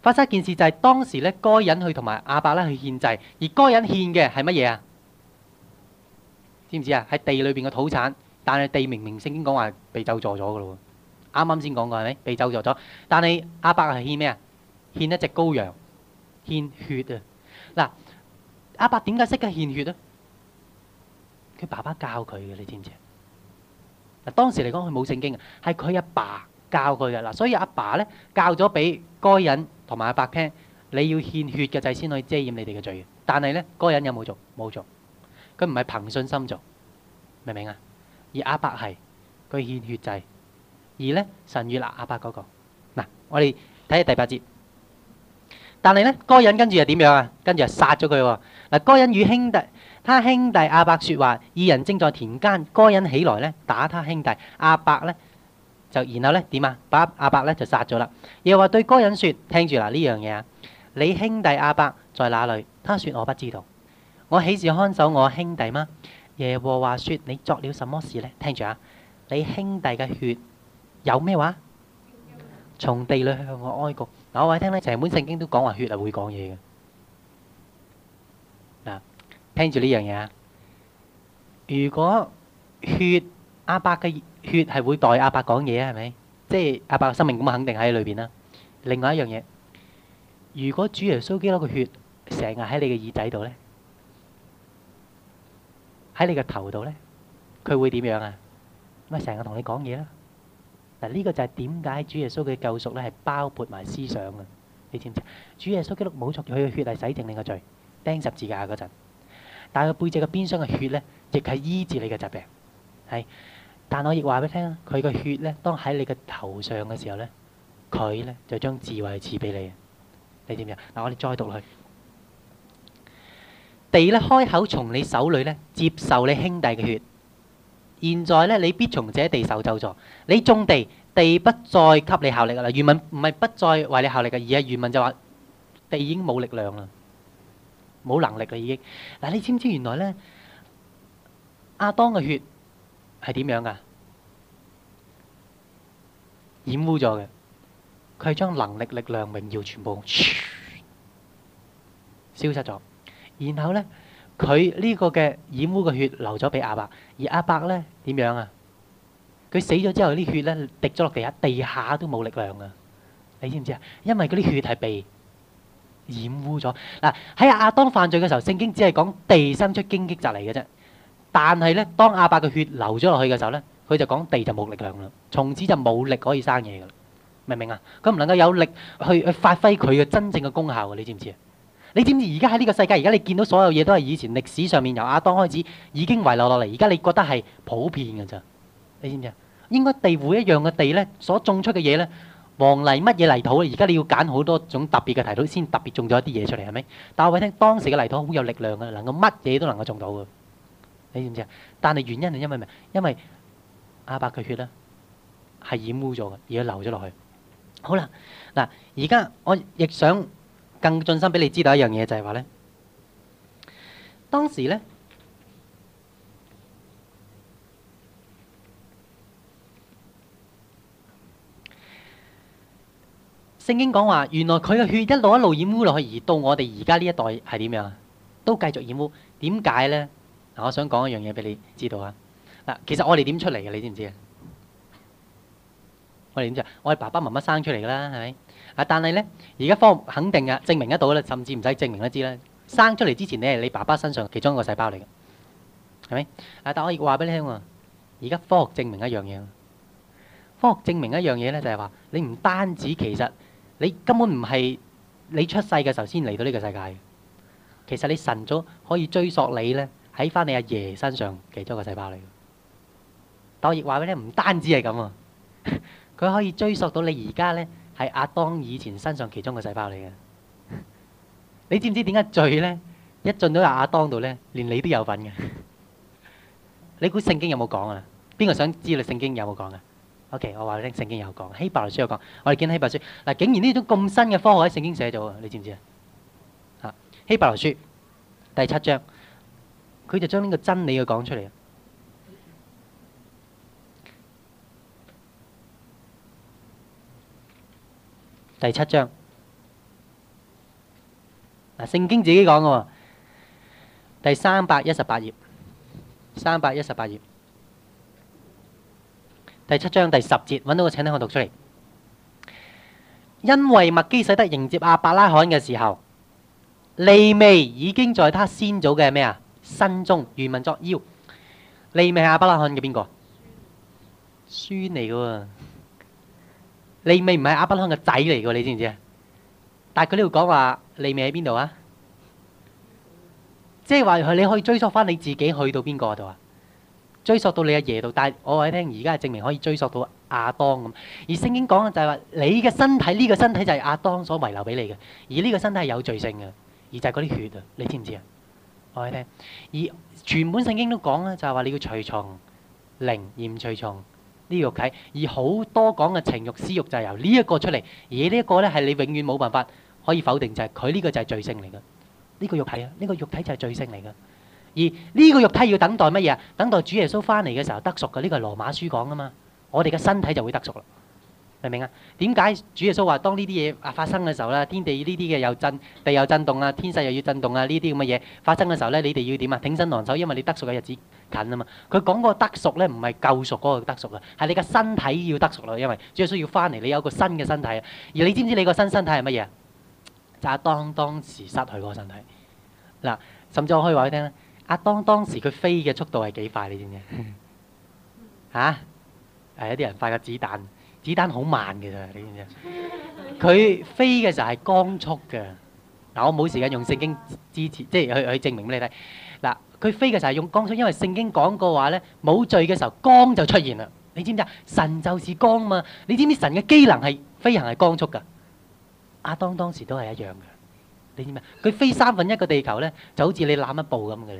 發生一件事就係當時咧，該隱去同埋阿伯咧去獻祭，而該隱獻嘅係乜嘢啊？知唔知啊？係地裏邊嘅土產，但係地明明曾經講話被咒詛咗嘅咯喎。啱啱先講過係咪？被咒詛咗，但係阿伯係獻咩啊？獻一隻羔羊，獻血啊！嗱，阿伯點解識得獻血咧？佢爸爸教佢嘅，你知唔知啊？當時嚟講，佢冇聖經嘅，係佢阿爸教佢嘅。嗱，所以阿爸咧教咗俾該人同埋阿伯聽，你要獻血嘅祭先可以遮掩你哋嘅罪嘅。但係咧，該人有冇做？冇做，佢唔係憑信心做，明唔明啊？而阿伯係佢獻血祭，而咧神悦納阿伯嗰個。嗱，我哋睇下第八節。但係咧，該人跟住又點樣啊？跟住又殺咗佢喎。嗱，該人與兄弟。他兄弟亞伯說話，二人正在田間，該隱起來咧打他兄弟亞伯咧，就然後咧點啊？把亞伯咧就殺咗啦。耶和華對該隱說：聽住啦呢樣嘢啊，你兄弟亞伯在哪裏？他說我不知道。我豈是看守我兄弟嗎？耶和華說：你作了什麼事咧？聽住啊，你兄弟嘅血有咩話？從地裏向我哀告。嗱我話你聽咧，成本聖經都講話血係會講嘢嘅。聽住呢樣嘢啊！如果血阿伯嘅血係會代阿伯講嘢啊，係咪？即係阿伯嘅生命咁肯定喺裏邊啦。另外一樣嘢，如果主耶穌基督嘅血成日喺你嘅耳仔度咧，喺你嘅頭度咧，佢會點樣啊？咁啊，成日同你講嘢啦。嗱，呢個就係點解主耶穌嘅救贖咧，係包括埋思想啊？你知唔知？主耶穌基督冇錯，佢嘅血係洗淨你嘅罪，釘十字架嗰陣。但係背脊嘅鞭傷嘅血咧，亦係醫治你嘅疾病。係，但我亦話俾你聽啦，佢個血咧，當喺你嘅頭上嘅時候咧，佢咧就將智慧賜俾你。你知唔知呀？嗱，我哋再讀落去。地咧開口從你手裏咧接受你兄弟嘅血。現在咧，你必從這地受咒詛。你種地，地不再給你效力啦。原文唔係不再為你效力嘅，而係原文就話地已經冇力量啦。冇能力啦，已經。嗱，你知唔知原來咧，亞當嘅血係點樣㗎？染污咗嘅，佢係將能力、力量、榮耀全部消失咗。然後咧，佢呢個嘅染污嘅血流咗俾阿伯，而阿伯咧點樣啊？佢死咗之後，啲血咧滴咗落地下，地下都冇力量啊！你知唔知啊？因為嗰啲血係被。染污咗嗱，喺、啊、阿亞當犯罪嘅時候，聖經只係講地生出荊棘蒺藜嚟嘅啫。但係呢，當亞伯嘅血流咗落去嘅時候呢，佢就講地就冇力量啦，從此就冇力可以生嘢噶啦，明唔明啊？佢唔能夠有力去去發揮佢嘅真正嘅功效嘅，你知唔知啊？你知唔知而家喺呢個世界，而家你見到所有嘢都係以前歷史上面由亞當開始已經遺留落嚟，而家你覺得係普遍嘅咋？你知唔知啊？應該地會一樣嘅地呢，所種出嘅嘢呢。黃泥乜嘢泥土咧？而家你要揀好多種特別嘅泥土，先特別種咗一啲嘢出嚟係咪？但係我聽當時嘅泥土好有力量嘅，能夠乜嘢都能夠種到嘅，你知唔知啊？但係原因係因為咩？因為阿伯嘅血咧，係染污咗嘅，而家流咗落去。好啦，嗱，而家我亦想更進深俾你知道一樣嘢，就係話咧，當時咧。聖經講話，原來佢嘅血一路一路染污落去，而到我哋而家呢一代係點樣，都繼續染污。點解呢？嗱，我想講一樣嘢俾你知道啊。嗱，其實我哋點出嚟嘅，你知唔知啊？我哋點知啊？我係爸爸媽媽生出嚟噶啦，係咪啊？但係呢，而家科學肯定嘅，證明得到啦，甚至唔使證明都知啦。生出嚟之前，你係你爸爸身上其中一個細胞嚟嘅，係咪啊？但我亦話俾你聽啊，而家科學證明一樣嘢，科學證明一樣嘢呢，就係話你唔單止其實。你根本唔係你出世嘅時候先嚟到呢個世界。其實你神足可以追溯你呢喺翻你阿爺，爺身上的其中一個細胞嚟。但我亦話畀你，唔單止係咁啊，佢可以追溯到你而家呢係亞當以前身上其中一個細胞嚟嘅。你知唔知點解罪呢，一進到阿亞當度呢，連你都有份嘅？你估聖經有冇講啊？邊個想知你聖經有冇講啊？OK，我話你聽，聖經有講，《希伯來書》有講，我哋見《希伯來書》，嗱，竟然呢種咁新嘅科學喺聖經寫到，你知唔知啊？啊，《希伯來書》第七章，佢就將呢個真理嘅講出嚟。第七章，嗱，聖經自己講嘅，第三百一十八頁，三百一十八頁。第七章第十節揾，到個，請聽我讀出嚟。因為麥基洗德迎接阿伯拉罕嘅時候，利未已經在他先祖嘅咩啊，身中如民作妖。利未係阿伯拉罕嘅邊個？孫嚟嘅喎，利未唔係阿伯拉罕嘅仔嚟嘅喎，你知唔知啊？但係佢呢度講話利未喺邊度啊？即係話佢你可以追溯翻你自己去到邊個度啊？追溯到你阿爺度，但係我話你聽，而家係證明可以追溯到亞當咁。而聖經講嘅就係話你嘅身體呢個身體就係亞當所遺留俾你嘅，而呢個身體係有罪性嘅，而就係嗰啲血啊，你知唔知啊？我話你聽，而全本聖經都講啦，就係話你要隨從靈而唔隨從呢個肉體，而好多講嘅情欲私欲就係由呢一個出嚟，而呢一個咧係你永遠冇辦法可以否定，就係佢呢個就係罪性嚟嘅，呢個肉體啊，呢個肉體就係罪性嚟嘅。而呢個肉體要等待乜嘢啊？等待主耶穌翻嚟嘅時候得贖嘅，呢個係羅馬書講㗎嘛。我哋嘅身體就會得贖啦，明唔明啊？點解主耶穌話當呢啲嘢啊發生嘅時候咧，天地呢啲嘅又震，地又震動啊，天勢又要震動啊，呢啲咁嘅嘢發生嘅時候咧，你哋要點啊？挺身昂首，因為你得贖嘅日子近啊嘛。佢講嗰個得贖咧，唔係救贖嗰個得贖啊，係你嘅身體要得贖啦，因為主耶穌要翻嚟，你有個新嘅身體啊。而你知唔知你個新身體係乜嘢啊？就係、是、當當時失去嗰個身體嗱，甚至我可以話你聽咧。阿當當時佢飛嘅速度係幾快？你知唔知？嚇！係一啲人快過子彈，子彈好慢嘅咋？你知唔知？佢飛嘅時候就係光速嘅。嗱，我冇時間用聖經支持，即係去去證明俾你睇。嗱，佢飛嘅時候就係用光速，因為聖經講過話咧，冇罪嘅時候光就出現啦。你知唔知？神就是光嘛。你知唔知神嘅機能係飛行係光速噶？阿當當時都係一樣嘅。你知唔知？佢飛三分一個地球咧，就好似你攬一步咁嘅啫。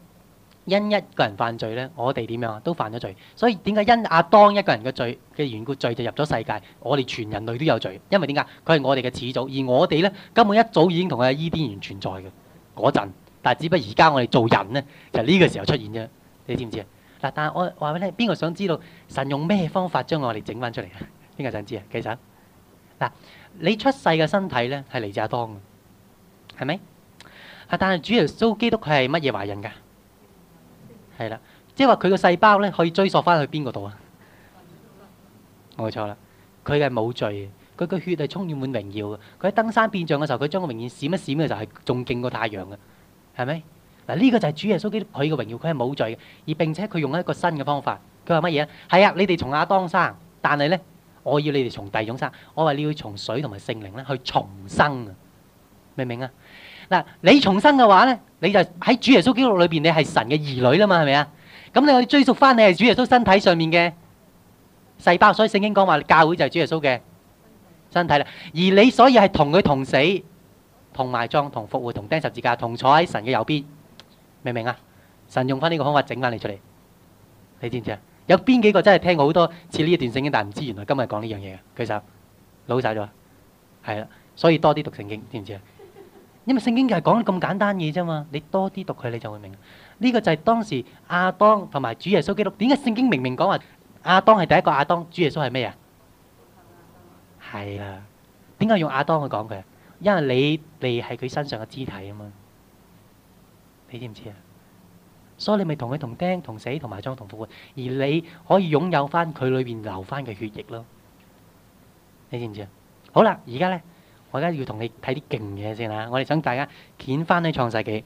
因一個人犯罪咧，我哋點樣啊？都犯咗罪，所以點解因阿當一個人嘅罪嘅緣故，罪就入咗世界？我哋全人類都有罪，因為點解？佢係我哋嘅始祖，而我哋咧根本一早已經同阿伊甸園存在嘅嗰陣，但係只不過而家我哋做人咧就係呢個時候出現啫。你知唔知啊？嗱，但係我話俾你，邊個想知道神用咩方法將我哋整翻出嚟啊？邊個想知啊？其實嗱，你出世嘅身體咧係嚟自阿當嘅，係咪啊？但係主耶穌基督佢係乜嘢懷孕噶？係啦，即係話佢個細胞咧可以追溯翻去邊個度啊？冇錯啦，佢係冇罪嘅，佢個血係充滿榮耀嘅。佢喺登山變像嘅時候，佢將個榮耀閃一閃嘅時候係仲勁過太陽嘅，係咪？嗱、這、呢個就係主耶穌基督佢嘅榮耀，佢係冇罪嘅，而並且佢用一個新嘅方法。佢話乜嘢啊？係啊，你哋從亞當生，但係咧，我要你哋從第二種生。我話你要從水同埋聖靈咧去重生啊！明唔明啊？嗱，你重生嘅話咧，你就喺主耶穌基督裏邊，你係神嘅兒女啦嘛，係咪啊？咁你可以追溯翻，你係主耶穌身體上面嘅細胞，所以聖經講話教會就係主耶穌嘅身體啦。而你所以係同佢同死、同埋葬、同復活、同釘十字架、同坐喺神嘅右邊，明唔明啊？神用翻呢個方法整翻你出嚟，你知唔知啊？有邊幾個真係聽過好多次呢一段聖經，但係唔知原來今日講呢樣嘢嘅？舉手老晒咗，係啦。所以多啲讀聖經，知唔知啊？因為聖經就係講咁簡單嘢啫嘛，你多啲讀佢，你就會明。呢個就係當時亞當同埋主耶穌基督。點解聖經明明講話亞當係第一個亞當，主耶穌係咩啊？係啦，點解用亞當去講佢？因為你哋係佢身上嘅肢體啊嘛，你知唔知啊？所以你咪同佢同釘同死同埋葬同復活，而你可以擁有翻佢裏邊流翻嘅血液咯。你知唔知啊？好啦，而家咧。我而家要同你睇啲勁嘢先啦！我哋想大家掀翻去創世紀。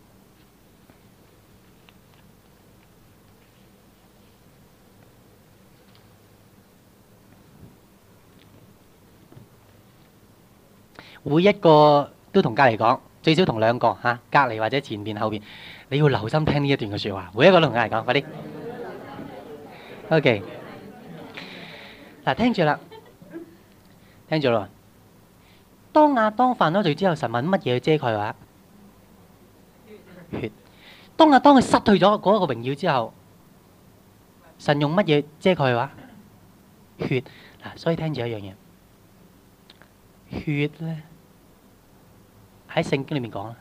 每一個都同隔離講，最少同兩個嚇隔離或者前邊後邊，你要留心聽呢一段嘅説話。每一個都同隔離講，快啲。OK，嗱聽住啦，聽住啦。當亞當犯咗罪之後，神問乜嘢去遮蓋話？血。當亞當佢失去咗嗰一個榮耀之後，神用乜嘢遮蓋話？血。嗱，所以聽住一樣嘢，血咧喺聖經裏面講咧，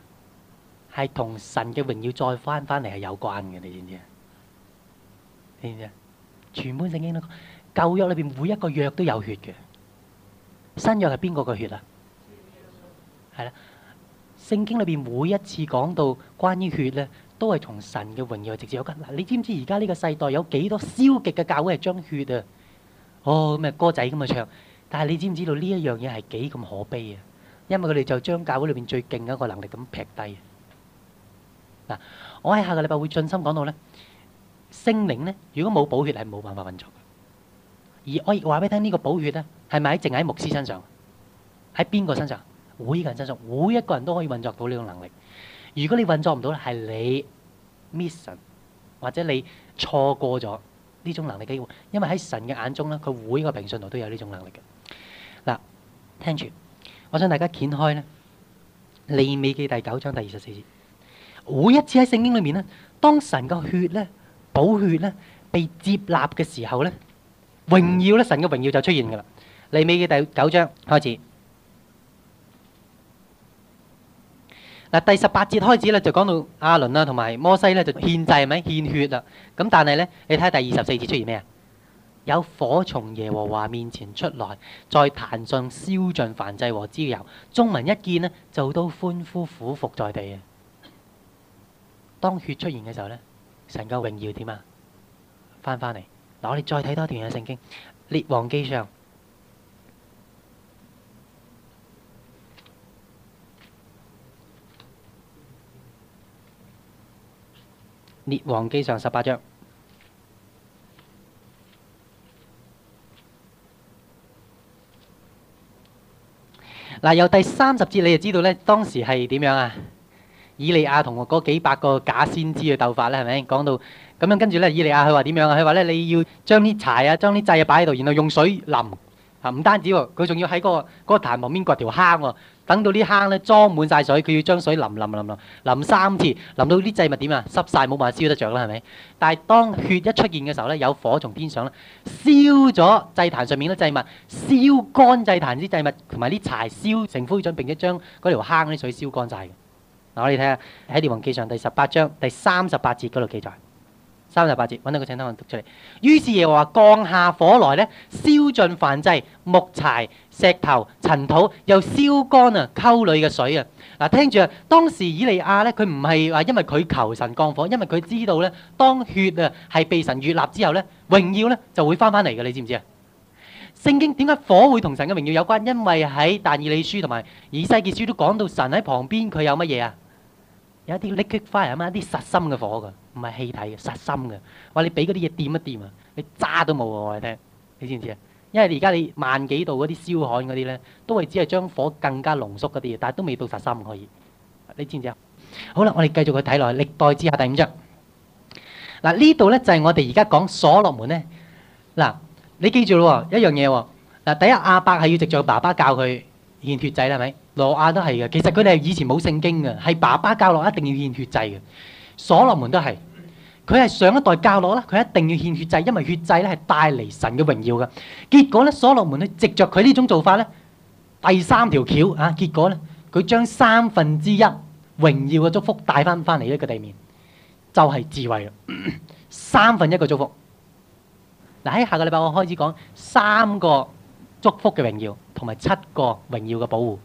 係同神嘅榮耀再翻翻嚟係有關嘅，你知唔知啊？你知唔知啊？全本聖經都講，舊約裏邊每一個約都有血嘅，新約係邊個嘅血啊？係啦，聖經裏邊每一次講到關於血咧，都係同神嘅榮耀直接有關。嗱，你知唔知而家呢個世代有幾多消極嘅教會係將血啊？哦，咩歌仔咁啊唱，但係你知唔知道呢一樣嘢係幾咁可悲啊？因為佢哋就將教會裏邊最勁嘅一個能力咁劈低啊！嗱，我喺下個禮拜會盡心講到咧，聖靈咧，如果冇補血係冇辦法運作，而我亦話俾你聽，這個、補呢個補血咧係咪喺淨喺牧師身上？喺邊個身上？每一個人都會，每一個人都可以運作到呢種能力。如果你運作唔到咧，係你 miss 神或者你錯過咗呢種能力機會。因為喺神嘅眼中咧，佢每個平信徒都有呢種能力嘅。嗱，聽住，我想大家掀開咧利未記，第九章第二十四節。每一次喺聖經裏面咧，當神嘅血咧寶血，咧被接納嘅時候咧，榮耀咧神嘅榮耀就出現噶啦。利未記第九章開始。第十八節開始啦，就講到亞倫啦，同埋摩西咧就獻祭係咪？獻血啦，咁但係咧，你睇下第二十四節出現咩啊？有火從耶和華面前出來，在壇上燒盡燔祭和脂油，眾民一見呢，就都歡呼俯伏在地啊！當血出現嘅時候咧，神嘅榮耀點啊？翻翻嚟嗱，我哋再睇多一段嘅聖經，《列王記上》。列王記上十八章。嗱，由第三十節你就知道咧，當時係點樣啊？以利亞同我嗰幾百個假先知嘅鬥法咧，係咪？講到咁樣，跟住咧，以利亞佢話點樣啊？佢話咧，你要將啲柴啊，將啲祭啊擺喺度，然後用水淋啊，唔單止，佢仲要喺個嗰個壇旁邊掘條坑喎。等到啲坑咧裝滿晒水，佢要將水淋淋淋淋淋三次，淋到啲祭物點啊濕晒冇辦法燒得着啦，係咪？但係當血一出現嘅時候咧，有火從天上啦，燒咗祭壇上面啲祭物，燒乾祭壇啲祭物，同埋啲柴燒成灰燼，並且將嗰條坑啲水燒乾晒。嘅、啊。嗱，我哋睇下喺《列王記上》第十八章第三十八節嗰度記載。三十八節，搵到個請單，我讀出嚟。於是耶和華降下火來咧，燒盡燔祭、木柴、石頭、塵土，又燒乾啊溝裏嘅水啊。嗱，聽住啊，當時以利亞咧，佢唔係話因為佢求神降火，因為佢知道咧，當血啊係被神悅納之後咧，榮耀咧就會翻返嚟嘅。你知唔知啊？聖經點解火會同神嘅榮耀有關？因為喺但以理書同埋以西結書都講到神喺旁邊，佢有乜嘢啊？有一啲 liquid fire 係咪？一啲實心嘅火㗎，唔係氣體嘅，實心嘅。話你俾嗰啲嘢掂一掂啊？你渣都冇喎！我哋聽，你知唔知啊？因為而家你萬幾度嗰啲燒焊嗰啲咧，都會只係將火更加濃縮嗰啲嘢，但係都未到實心可以。你知唔知啊？好啦，我哋繼續去睇落，歷代志下第五章。嗱，呢度咧就係我哋而家講所羅門咧。嗱，你記住啦喎，一樣嘢喎。嗱，第一阿伯係要藉著爸爸教佢現脱仔啦，係咪？羅亞都係嘅，其實佢哋係以前冇聖經嘅，係爸爸教落，一定要獻血祭嘅。所羅門都係佢係上一代教落啦，佢一定要獻血祭，因為血祭咧係帶嚟神嘅榮耀嘅。結果咧，所羅門去藉着佢呢種做法咧，第三條橋啊，結果咧佢將三分之一榮耀嘅祝福帶翻翻嚟呢個地面，就係智慧啦。三分一個祝福嗱，喺下個禮拜我開始講三個祝福嘅榮耀同埋七個榮耀嘅保護。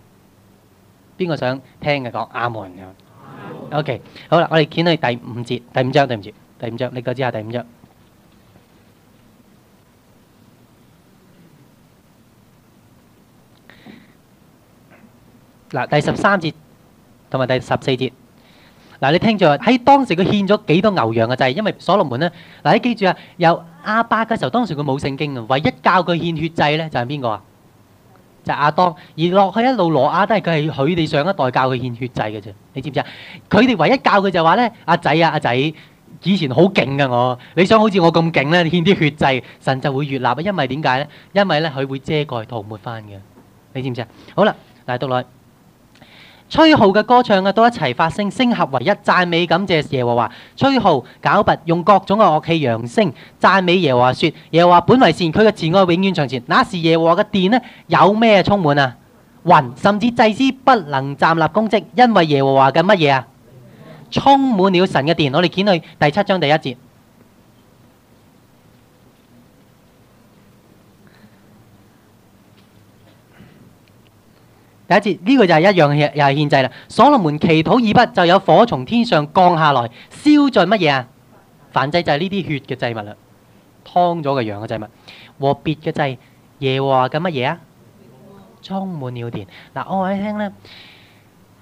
邊個想聽嘅講阿門咁？OK，好啦，我哋掀去第五節第五章，對唔住，第五章，你夠知下第五章。嗱，第十三節同埋第十四節。嗱，你聽住喺當時佢獻咗幾多牛羊嘅，就係因為所羅門咧。嗱，你記住啊，由亞伯嘅時候，當時佢冇聖經啊，唯一教佢獻血祭咧，就係邊個啊？就阿當而落去一路羅亞都係佢哋上一代教佢獻血祭嘅啫，你知唔知啊？佢哋唯一教佢就話咧：阿仔啊，阿、啊、仔、啊啊，以前好勁㗎我，你想好似我咁勁咧，獻啲血祭神就會越立啊！因為點解咧？因為咧佢會遮蓋塗抹翻嘅，你知唔知啊？好啦，嚟讀落。吹號嘅歌唱嘅，都一齊發聲，聲合為一，讚美感謝耶和華。吹號、敲鈸，用各種嘅樂器揚聲，讚美耶和華說：耶和華本為善，佢嘅慈愛永遠長存。那時耶和華嘅殿呢，有咩充滿啊？雲甚至祭司不能站立供職，因為耶和華嘅乜嘢啊？充滿了神嘅殿。我哋卷去第七章第一節。第一節呢個就係一樣嘢，又係獻祭啦。所羅門祈禱以畢，就有火從天上降下來，燒盡乜嘢啊？燔祭就係呢啲血嘅祭物啦，劏咗嘅羊嘅祭物和別嘅祭。耶和華嘅乜嘢啊？充滿了殿。嗱，我喺聽咧，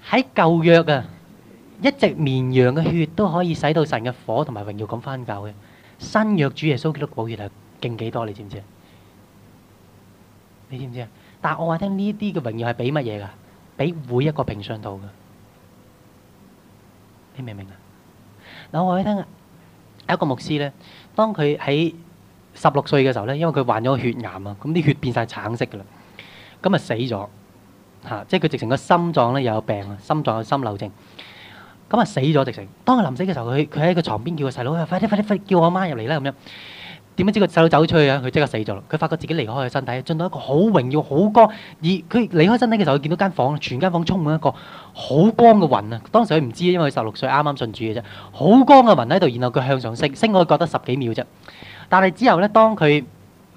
喺舊約啊，一隻綿羊嘅血都可以使到神嘅火同埋榮耀咁翻教嘅。新約主耶穌基督嘅寶血係勁幾多？你知唔知？你知唔知啊？但係我話聽呢一啲嘅榮耀係俾乜嘢噶？俾每一個平常度噶，你明唔明啊？嗱，我話你聽啊，有一個牧師咧，當佢喺十六歲嘅時候咧，因為佢患咗血癌啊，咁啲血變晒橙色噶啦，咁啊死咗，吓，即係佢直情個心臟咧又有病啊，心臟有心漏症，咁啊死咗直情。當佢臨死嘅時候，佢佢喺個床邊叫個細佬啊，快啲快啲快，叫我阿媽入嚟，啦咁樣。點知個細佬走出去啊，佢即刻死咗。佢發覺自己離開佢身體，進到一個好榮耀、好光。而佢離開身體嘅時候，佢見到一間房，全間房充滿一個好光嘅雲啊！當時佢唔知道，因為佢十六歲，啱啱信主嘅啫。好光嘅雲喺度，然後佢向上升，升佢覺得十幾秒啫。但係之後呢，當佢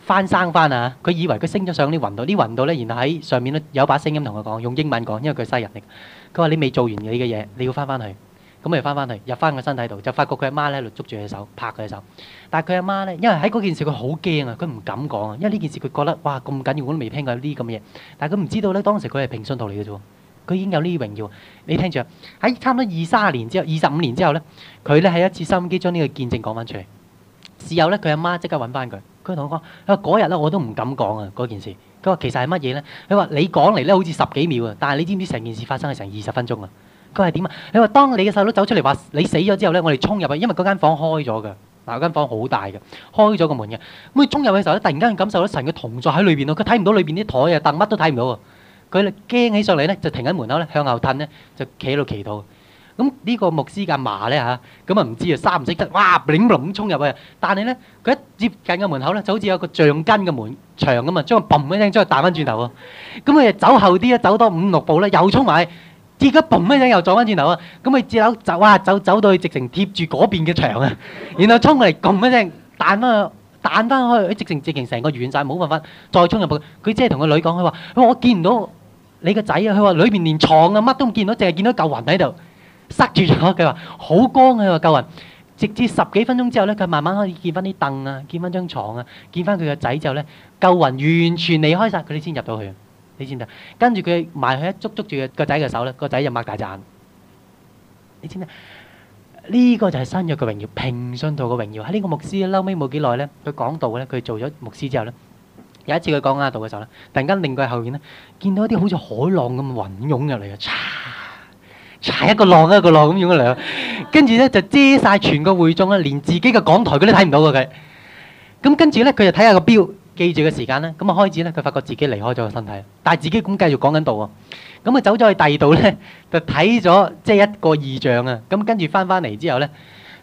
翻生翻啊，佢以為佢升咗上啲雲度，啲雲度呢，然後喺上面咧有把聲音同佢講，用英文講，因為佢係西人嚟。佢話你未做完你嘅嘢，你要翻翻去。咁咪翻翻去入翻個身體度，就發覺佢阿媽咧喺度捉住佢手，拍佢隻手。但係佢阿媽咧，因為喺嗰件事佢好驚啊，佢唔敢講啊，因為呢件事佢覺得哇，咁緊要，我都未聽過呢啲咁嘅嘢。但係佢唔知道咧，當時佢係平信徒嚟嘅啫，佢已經有呢啲榮耀。你聽住啊，喺差唔多二三十年之後，二十五年之後咧，佢咧喺一次收音機將呢個見證講翻出嚟。事後咧，佢阿媽即刻揾翻佢，佢同我講，佢話嗰日咧我都唔敢講啊嗰件事。佢話其實係乜嘢咧？佢話你講嚟咧好似十幾秒啊，但係你知唔知成件事發生係成二十分鐘啊？佢係點啊？你話當你嘅細佬走出嚟話你死咗之後咧，我哋衝入去，因為嗰間房開咗嘅，嗱間房好大嘅，開咗個門嘅，咁佢衝入去嘅時候咧，突然間感受到神嘅同在喺裏邊度，佢睇唔到裏邊啲台啊凳乜都睇唔到喎，佢驚起上嚟咧就停喺門口咧向後褪咧就企喺度祈禱。咁呢個牧師嘅麻咧嚇，咁啊唔知啊三唔識得，哇！亂噉沖入去，但係咧佢一接近個門口咧就好似有個橡筋嘅門牆咁啊，將佢嘭一聲將佢彈翻轉頭喎。咁佢走後啲啊，走多五六步咧又衝埋。結果嘣一聲又撞翻轉頭啊！咁佢折樓走啊，走走到去直情貼住嗰邊嘅牆啊，然後衝嚟噉一聲彈翻去，彈翻去，一直情直情成個軟曬，冇辦法再衝入去。佢即係同個女講，佢話：我見唔到你個仔啊！佢話裏邊連牀啊乜都唔見到，淨係見到嚿雲喺度塞住咗。佢話好光啊個嚿雲，直至十幾分鐘之後咧，佢慢慢可以見翻啲凳啊，見翻張牀啊，見翻佢個仔之後咧，嚿雲完全離開曬，佢哋先入到去。你知唔？跟住佢埋去一捉捉住個個仔嘅手咧，個仔就擘大眼。你知唔？呢個就係新約嘅榮耀，平信徒嘅榮耀。喺呢個牧師嬲尾冇幾耐咧，佢講道咧，佢做咗牧師之後咧，有一次佢講啊道嘅時候咧，突然間令佢後面咧，見到一啲好似海浪咁雲湧入嚟嘅，嚓嚓一個浪一個浪咁湧嚟啦，跟住咧就遮曬全個會眾啦，連自己嘅講台佢都睇唔到個佢。咁跟住咧，佢就睇下個表。記住嘅時間呢，咁啊開始呢，佢發覺自己離開咗個身體，但係自己咁繼續講緊道喎。咁佢走咗去第二度呢，就睇咗即係一個異象啊。咁跟住翻翻嚟之後呢，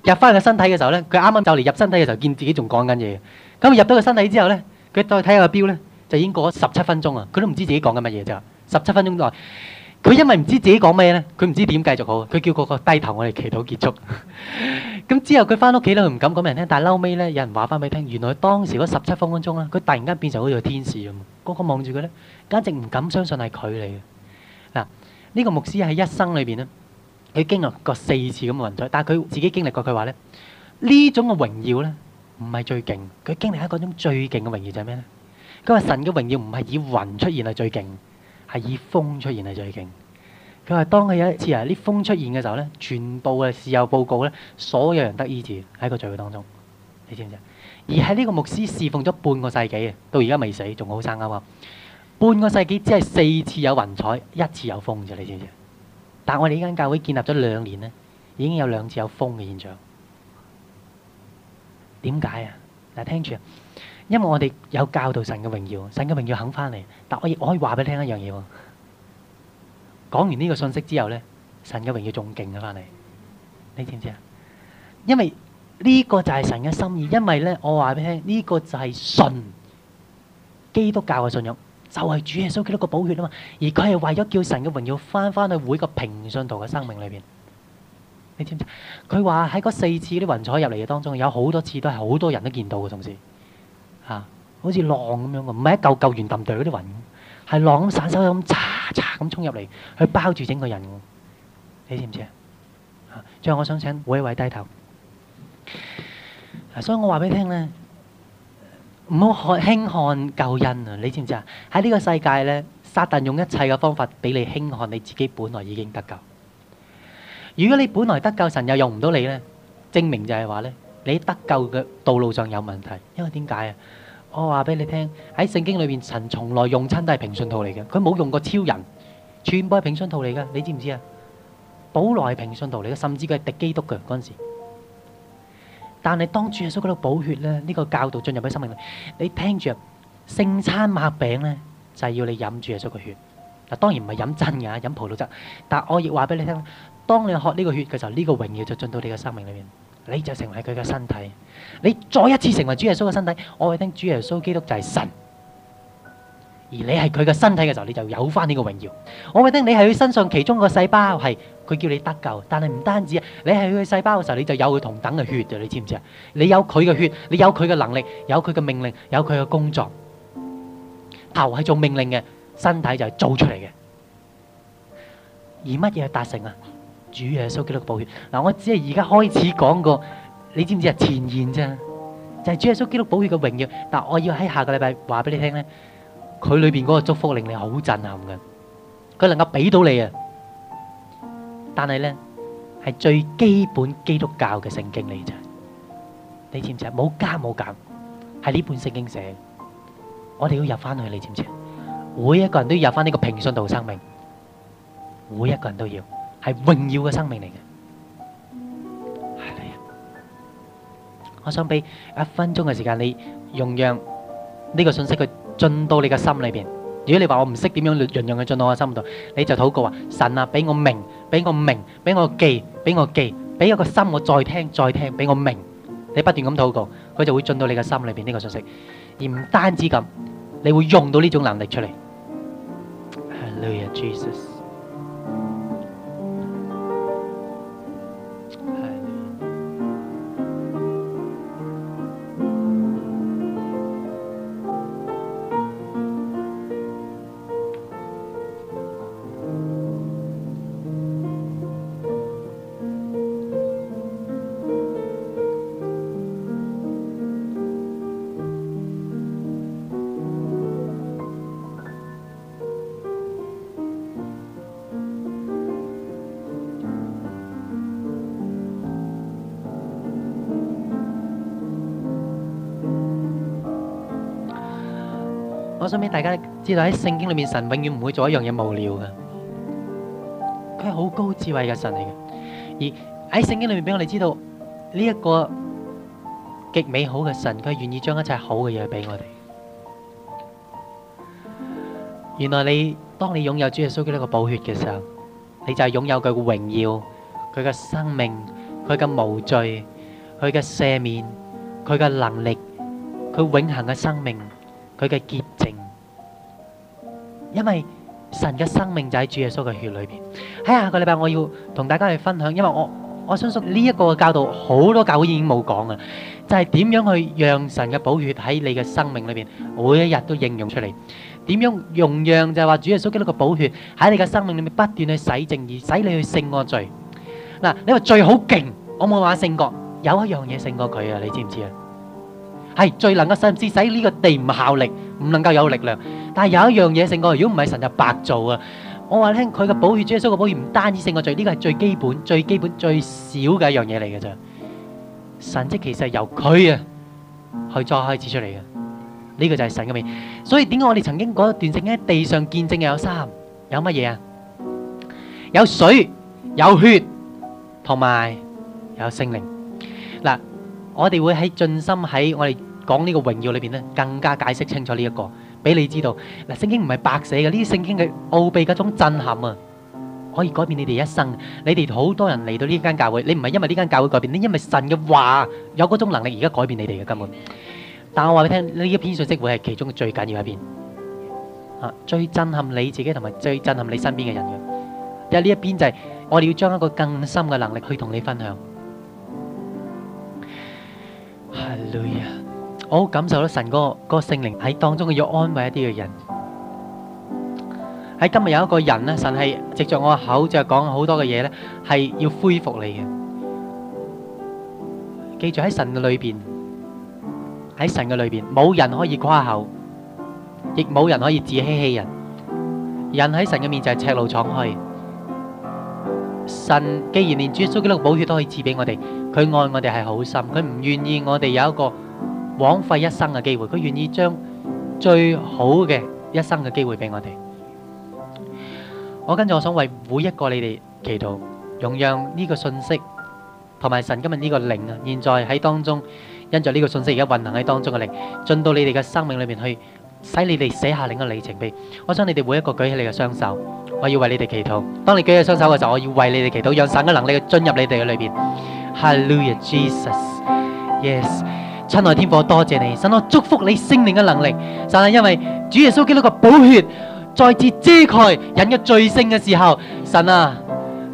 入翻個身體嘅時候呢，佢啱啱就嚟入身體嘅時候，見自己仲講緊嘢。咁入到個身體之後呢，佢再睇下個表呢，就已經過咗十七分鐘啊！佢都唔知自己講緊乜嘢咋，十七分鐘都話。佢因為唔知自己講咩咧，佢唔知點繼續好，佢叫個個低頭，我哋祈禱結束。咁之後佢翻屋企咧，佢唔敢講俾人聽。但係嬲尾咧，有人話翻俾佢聽，原來當時嗰十七分鐘啦，佢突然間變成好似天使咁，個個望住佢咧，簡直唔敢相信係佢嚟嘅。嗱，呢個牧師喺一生裏邊咧，佢經歷過四次咁嘅雲彩，但係佢自己經歷過，佢話咧呢種嘅榮耀咧，唔係最勁。佢經歷一個種最勁嘅榮耀就係咩咧？佢話神嘅榮耀唔係以雲出現係最勁。係以風出現係最勁。佢話當佢有一次啊，呢風出現嘅時候呢，全部嘅事有報告呢，所有人得醫治喺個聚會當中。你知唔知？而喺呢個牧師侍奉咗半個世紀啊，到而家未死仲好生啱啊！半個世紀只係四次有雲彩，一次有風咋？你知唔知？但我哋呢間教會建立咗兩年呢，已經有兩次有風嘅現象。點解啊？嗱，聽住。因為我哋有教導神嘅榮耀，神嘅榮耀肯翻嚟。但係我亦我可以話俾你聽一樣嘢，講完呢個信息之後咧，神嘅榮耀仲勁啊翻嚟，你知唔知啊？因為呢個就係神嘅心意。因為咧，我話俾你聽，呢個就係信基督教嘅信仰，就係主耶穌基督嘅寶血啊嘛。而佢係為咗叫神嘅榮耀翻翻去每個平信徒嘅生命裏邊。你知唔知？佢話喺嗰四次啲雲彩入嚟嘅當中，有好多次都係好多人都見到嘅同時。啊，好似浪咁樣嘅，唔係一嚿嚿圓氹氹嗰啲雲，係浪咁散手咁，嚓嚓咁衝入嚟，去包住整個人嘅，你知唔知啊？最後我想請每一位低頭。所以我話俾你聽咧，唔好輕看救恩啊！你知唔知啊？喺呢個世界咧，撒旦用一切嘅方法俾你輕看你自己本來已經得救。如果你本來得救，神又用唔到你咧，證明就係話咧，你得救嘅道路上有問題。因為點解啊？我話俾你聽，喺聖經裏邊，神從來用親都係平信徒嚟嘅，佢冇用過超人，全部係平信徒嚟嘅，你知唔知啊？保羅係平信徒嚟嘅，甚至佢係敵基督嘅嗰陣時。但係當主耶穌嗰度補血咧，呢個教導進入咗生命裏，你聽住，聖餐擘餅咧，就係要你飲住耶穌嘅血。嗱，當然唔係飲真㗎，飲葡萄汁。但我亦話俾你聽，當你喝呢個血嘅時候，呢個榮耀就進到你嘅生命裏面。你就成為佢嘅身體，你再一次成為主耶穌嘅身體。我去聽主耶穌基督就係神，而你係佢嘅身體嘅時候，你就有翻呢個榮耀。我去聽你係佢身上其中一個細胞，係佢叫你得救，但係唔單止啊，你係佢嘅細胞嘅時候，你就有佢同等嘅血啊！你知唔知啊？你有佢嘅血，你有佢嘅能力，有佢嘅命令，有佢嘅工作。頭係做命令嘅，身體就係做出嚟嘅。而乜嘢達成啊？主耶，知知就是、主耶穌基督寶血嗱，我只係而家開始講過，你知唔知啊？前言啫？就係主耶穌基督寶血嘅榮耀。但我要喺下個禮拜話俾你聽咧，佢裏邊嗰個祝福令你好震撼嘅，佢能夠俾到你啊！但係咧係最基本基督教嘅聖經嚟嘅，你知唔知啊？冇加冇減，係呢本聖經寫的，我哋要入翻去，你知唔知？每一個人都要入翻呢個平信徒生命，每一個人都要。係榮耀嘅生命嚟嘅，係你啊！我想俾一分鐘嘅時間你，用讓呢個信息佢進到你嘅心裏邊。如果你話我唔識點樣讓讓佢進到我嘅心度，你就禱告啊！神啊，俾我明，俾我明，俾我記，俾我記，俾我個心我再聽再聽，俾我明。你不斷咁禱告，佢就會進到你嘅心裏邊呢個信息，而唔單止咁，你會用到呢種能力出嚟。Hallelujah, Jesus. 我想俾大家知道喺聖經裏面，神永遠唔會做一樣嘢無聊噶。佢係好高智慧嘅神嚟嘅，而喺聖經裏面俾我哋知道呢一個極美好嘅神，佢係願意將一切好嘅嘢俾我哋。原來你當你擁有主耶穌基督呢個寶血嘅時候，你就係擁有佢嘅榮耀、佢嘅生命、佢嘅無罪、佢嘅赦免、佢嘅能力、佢永恆嘅生命、佢嘅結。因為神嘅生命就喺主耶穌嘅血裏邊。喺下個禮拜我要同大家去分享，因為我我相信呢一個教導好多教會已經冇講啊，就係點樣去讓神嘅寶血喺你嘅生命裏邊，每一日都應用出嚟。點樣容讓就係話主耶穌基督嘅寶血喺你嘅生命裏面不斷去洗淨而使你去勝過罪。嗱，你話罪好勁，我冇話勝過，有一樣嘢勝過佢啊，你知唔知啊？係最能夠甚至使呢個地唔效力，唔能夠有力量。但係有一樣嘢勝過，如果唔係神就白做啊！我話聽，佢嘅寶血，耶穌嘅寶血唔單止勝過罪，呢個係最基本、最基本、最少嘅一樣嘢嚟嘅啫。神蹟其實係由佢啊去再開始出嚟嘅，呢個就係神嘅面。所以點解我哋曾經嗰一段聖經喺地上見證嘅有三，有乜嘢啊？有水，有血，同埋有聖靈。嗱，我哋會喺盡心喺我哋。講呢個榮耀裏邊咧，更加解釋清楚呢一個，俾你知道嗱，聖經唔係白寫嘅，呢啲聖經嘅奧秘嗰種震撼啊，可以改變你哋一生。你哋好多人嚟到呢間教會，你唔係因為呢間教會改變，你因為神嘅話有嗰種能力而家改變你哋嘅根本。但係我話俾你聽，呢一篇信息會係其中最緊要一邊啊，最震撼你自己同埋最震撼你身邊嘅人嘅。而呢一邊就係我哋要將一個更深嘅能力去同你分享。哈里啊！我感受到神嗰個嗰個聖靈喺當中，佢要安慰一啲嘅人。喺今日有一個人咧，神係藉着我口就講好多嘅嘢咧，係要恢復你嘅。記住喺神嘅裏邊，喺神嘅裏邊，冇人可以誇口，亦冇人可以自欺欺人。人喺神嘅面就係赤露敞開。神既然連主耶穌基督嘅寶血都可以賜俾我哋，佢愛我哋係好深，佢唔願意我哋有一個。枉費一生嘅機會，佢願意將最好嘅一生嘅機會俾我哋。我跟住，我想為每一個你哋祈禱，容讓呢個信息同埋神今日呢個靈啊，現在喺當中因着呢個信息而家運行喺當中嘅靈，進到你哋嘅生命裏邊去，使你哋寫下另一個里程碑。我想你哋每一個舉起你嘅雙手，我要為你哋祈禱。當你舉起雙手嘅時候，我要為你哋祈禱，讓神嘅能力去進入你哋嘅裏邊。Hallelujah, Jesus, yes. 親愛的天父，多謝你，神啊，我祝福你聖靈嘅能力。神啊，因為主耶穌基督嘅寶血再次遮蓋人嘅罪性嘅時候，神啊，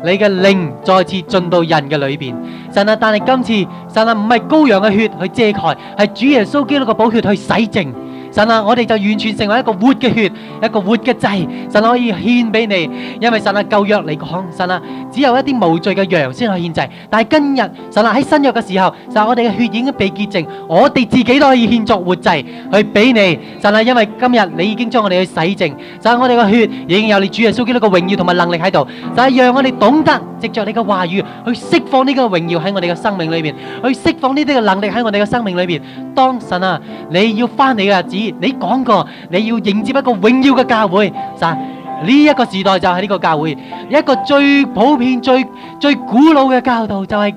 你嘅靈再次進到人嘅裏邊。神啊，但係今次，神啊，唔係羔羊嘅血去遮蓋，係主耶穌基督嘅寶血去洗淨。神啊，我哋就完全成為一個活嘅血，一個活嘅祭，神可以獻俾你，因為神啊舊約嚟講，神啊只有一啲無罪嘅羊先可以獻祭。但係今日神啊喺新約嘅時候，就係我哋嘅血已經被潔淨，我哋自己都可以獻作活祭去俾你。神啊，因為今日你已經將我哋去洗淨，就係我哋嘅血已經有你主耶穌基督嘅榮耀同埋能力喺度，就係讓我哋懂得藉着你嘅話語去釋放呢個榮耀喺我哋嘅生命裏邊，去釋放呢啲嘅能力喺我哋嘅生命裏邊。當神啊你要翻你嘅日子，你講過你要迎接一個榮耀嘅教會，神呢一個時代就係呢個教會，一個最普遍、最最古老嘅教導就係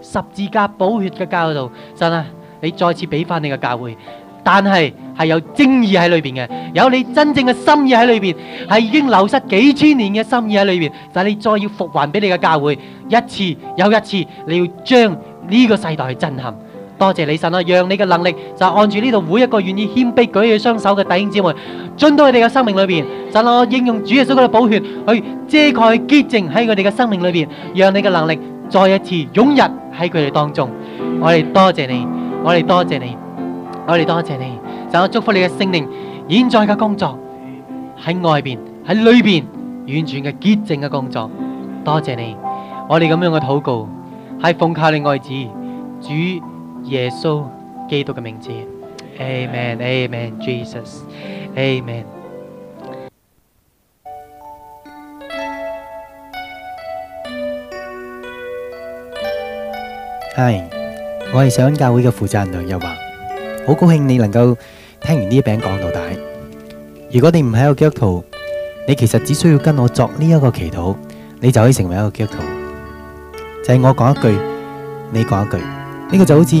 十字架寶血嘅教導，神啊，你再次俾翻你嘅教會，但係係有精義喺裏邊嘅，有你真正嘅心意喺裏邊，係已經流失幾千年嘅心意喺裏邊，就係你再要復還俾你嘅教會，一次又一次，你要將呢個世代震撼。多謝你神啊，讓你嘅能力就按住呢度每一個願意謙卑舉起雙手嘅弟兄姊妹進到佢哋嘅生命裏邊，神啊，應用主耶穌嘅寶血去遮蓋潔淨喺佢哋嘅生命裏邊，讓你嘅能力再一次湧入喺佢哋當中。我哋多謝你，我哋多謝你，我哋多謝你。神啊，祝福你嘅聖靈現在嘅工作，喺外邊喺裏邊完全嘅潔淨嘅工作。多謝你，我哋咁樣嘅禱告係奉靠你愛子主耶穌、基督嘅名字，amen，amen，Jesus，amen。Hi，我係上教會嘅負責人梁日華，好高興你能夠聽完呢一餅講到底。如果你唔係一個基督徒，你其實只需要跟我作呢一個祈禱，你就可以成為一個基督徒。就係我講一句，你講一句，呢個就好似。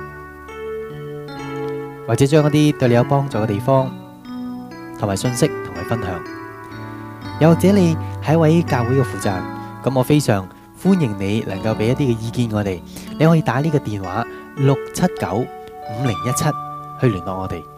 或者將一啲對你有幫助嘅地方同埋信息同佢分享，又或者你係一位教會嘅負責人，咁我非常歡迎你能夠俾一啲嘅意見我哋。你可以打呢個電話六七九五零一七去聯絡我哋。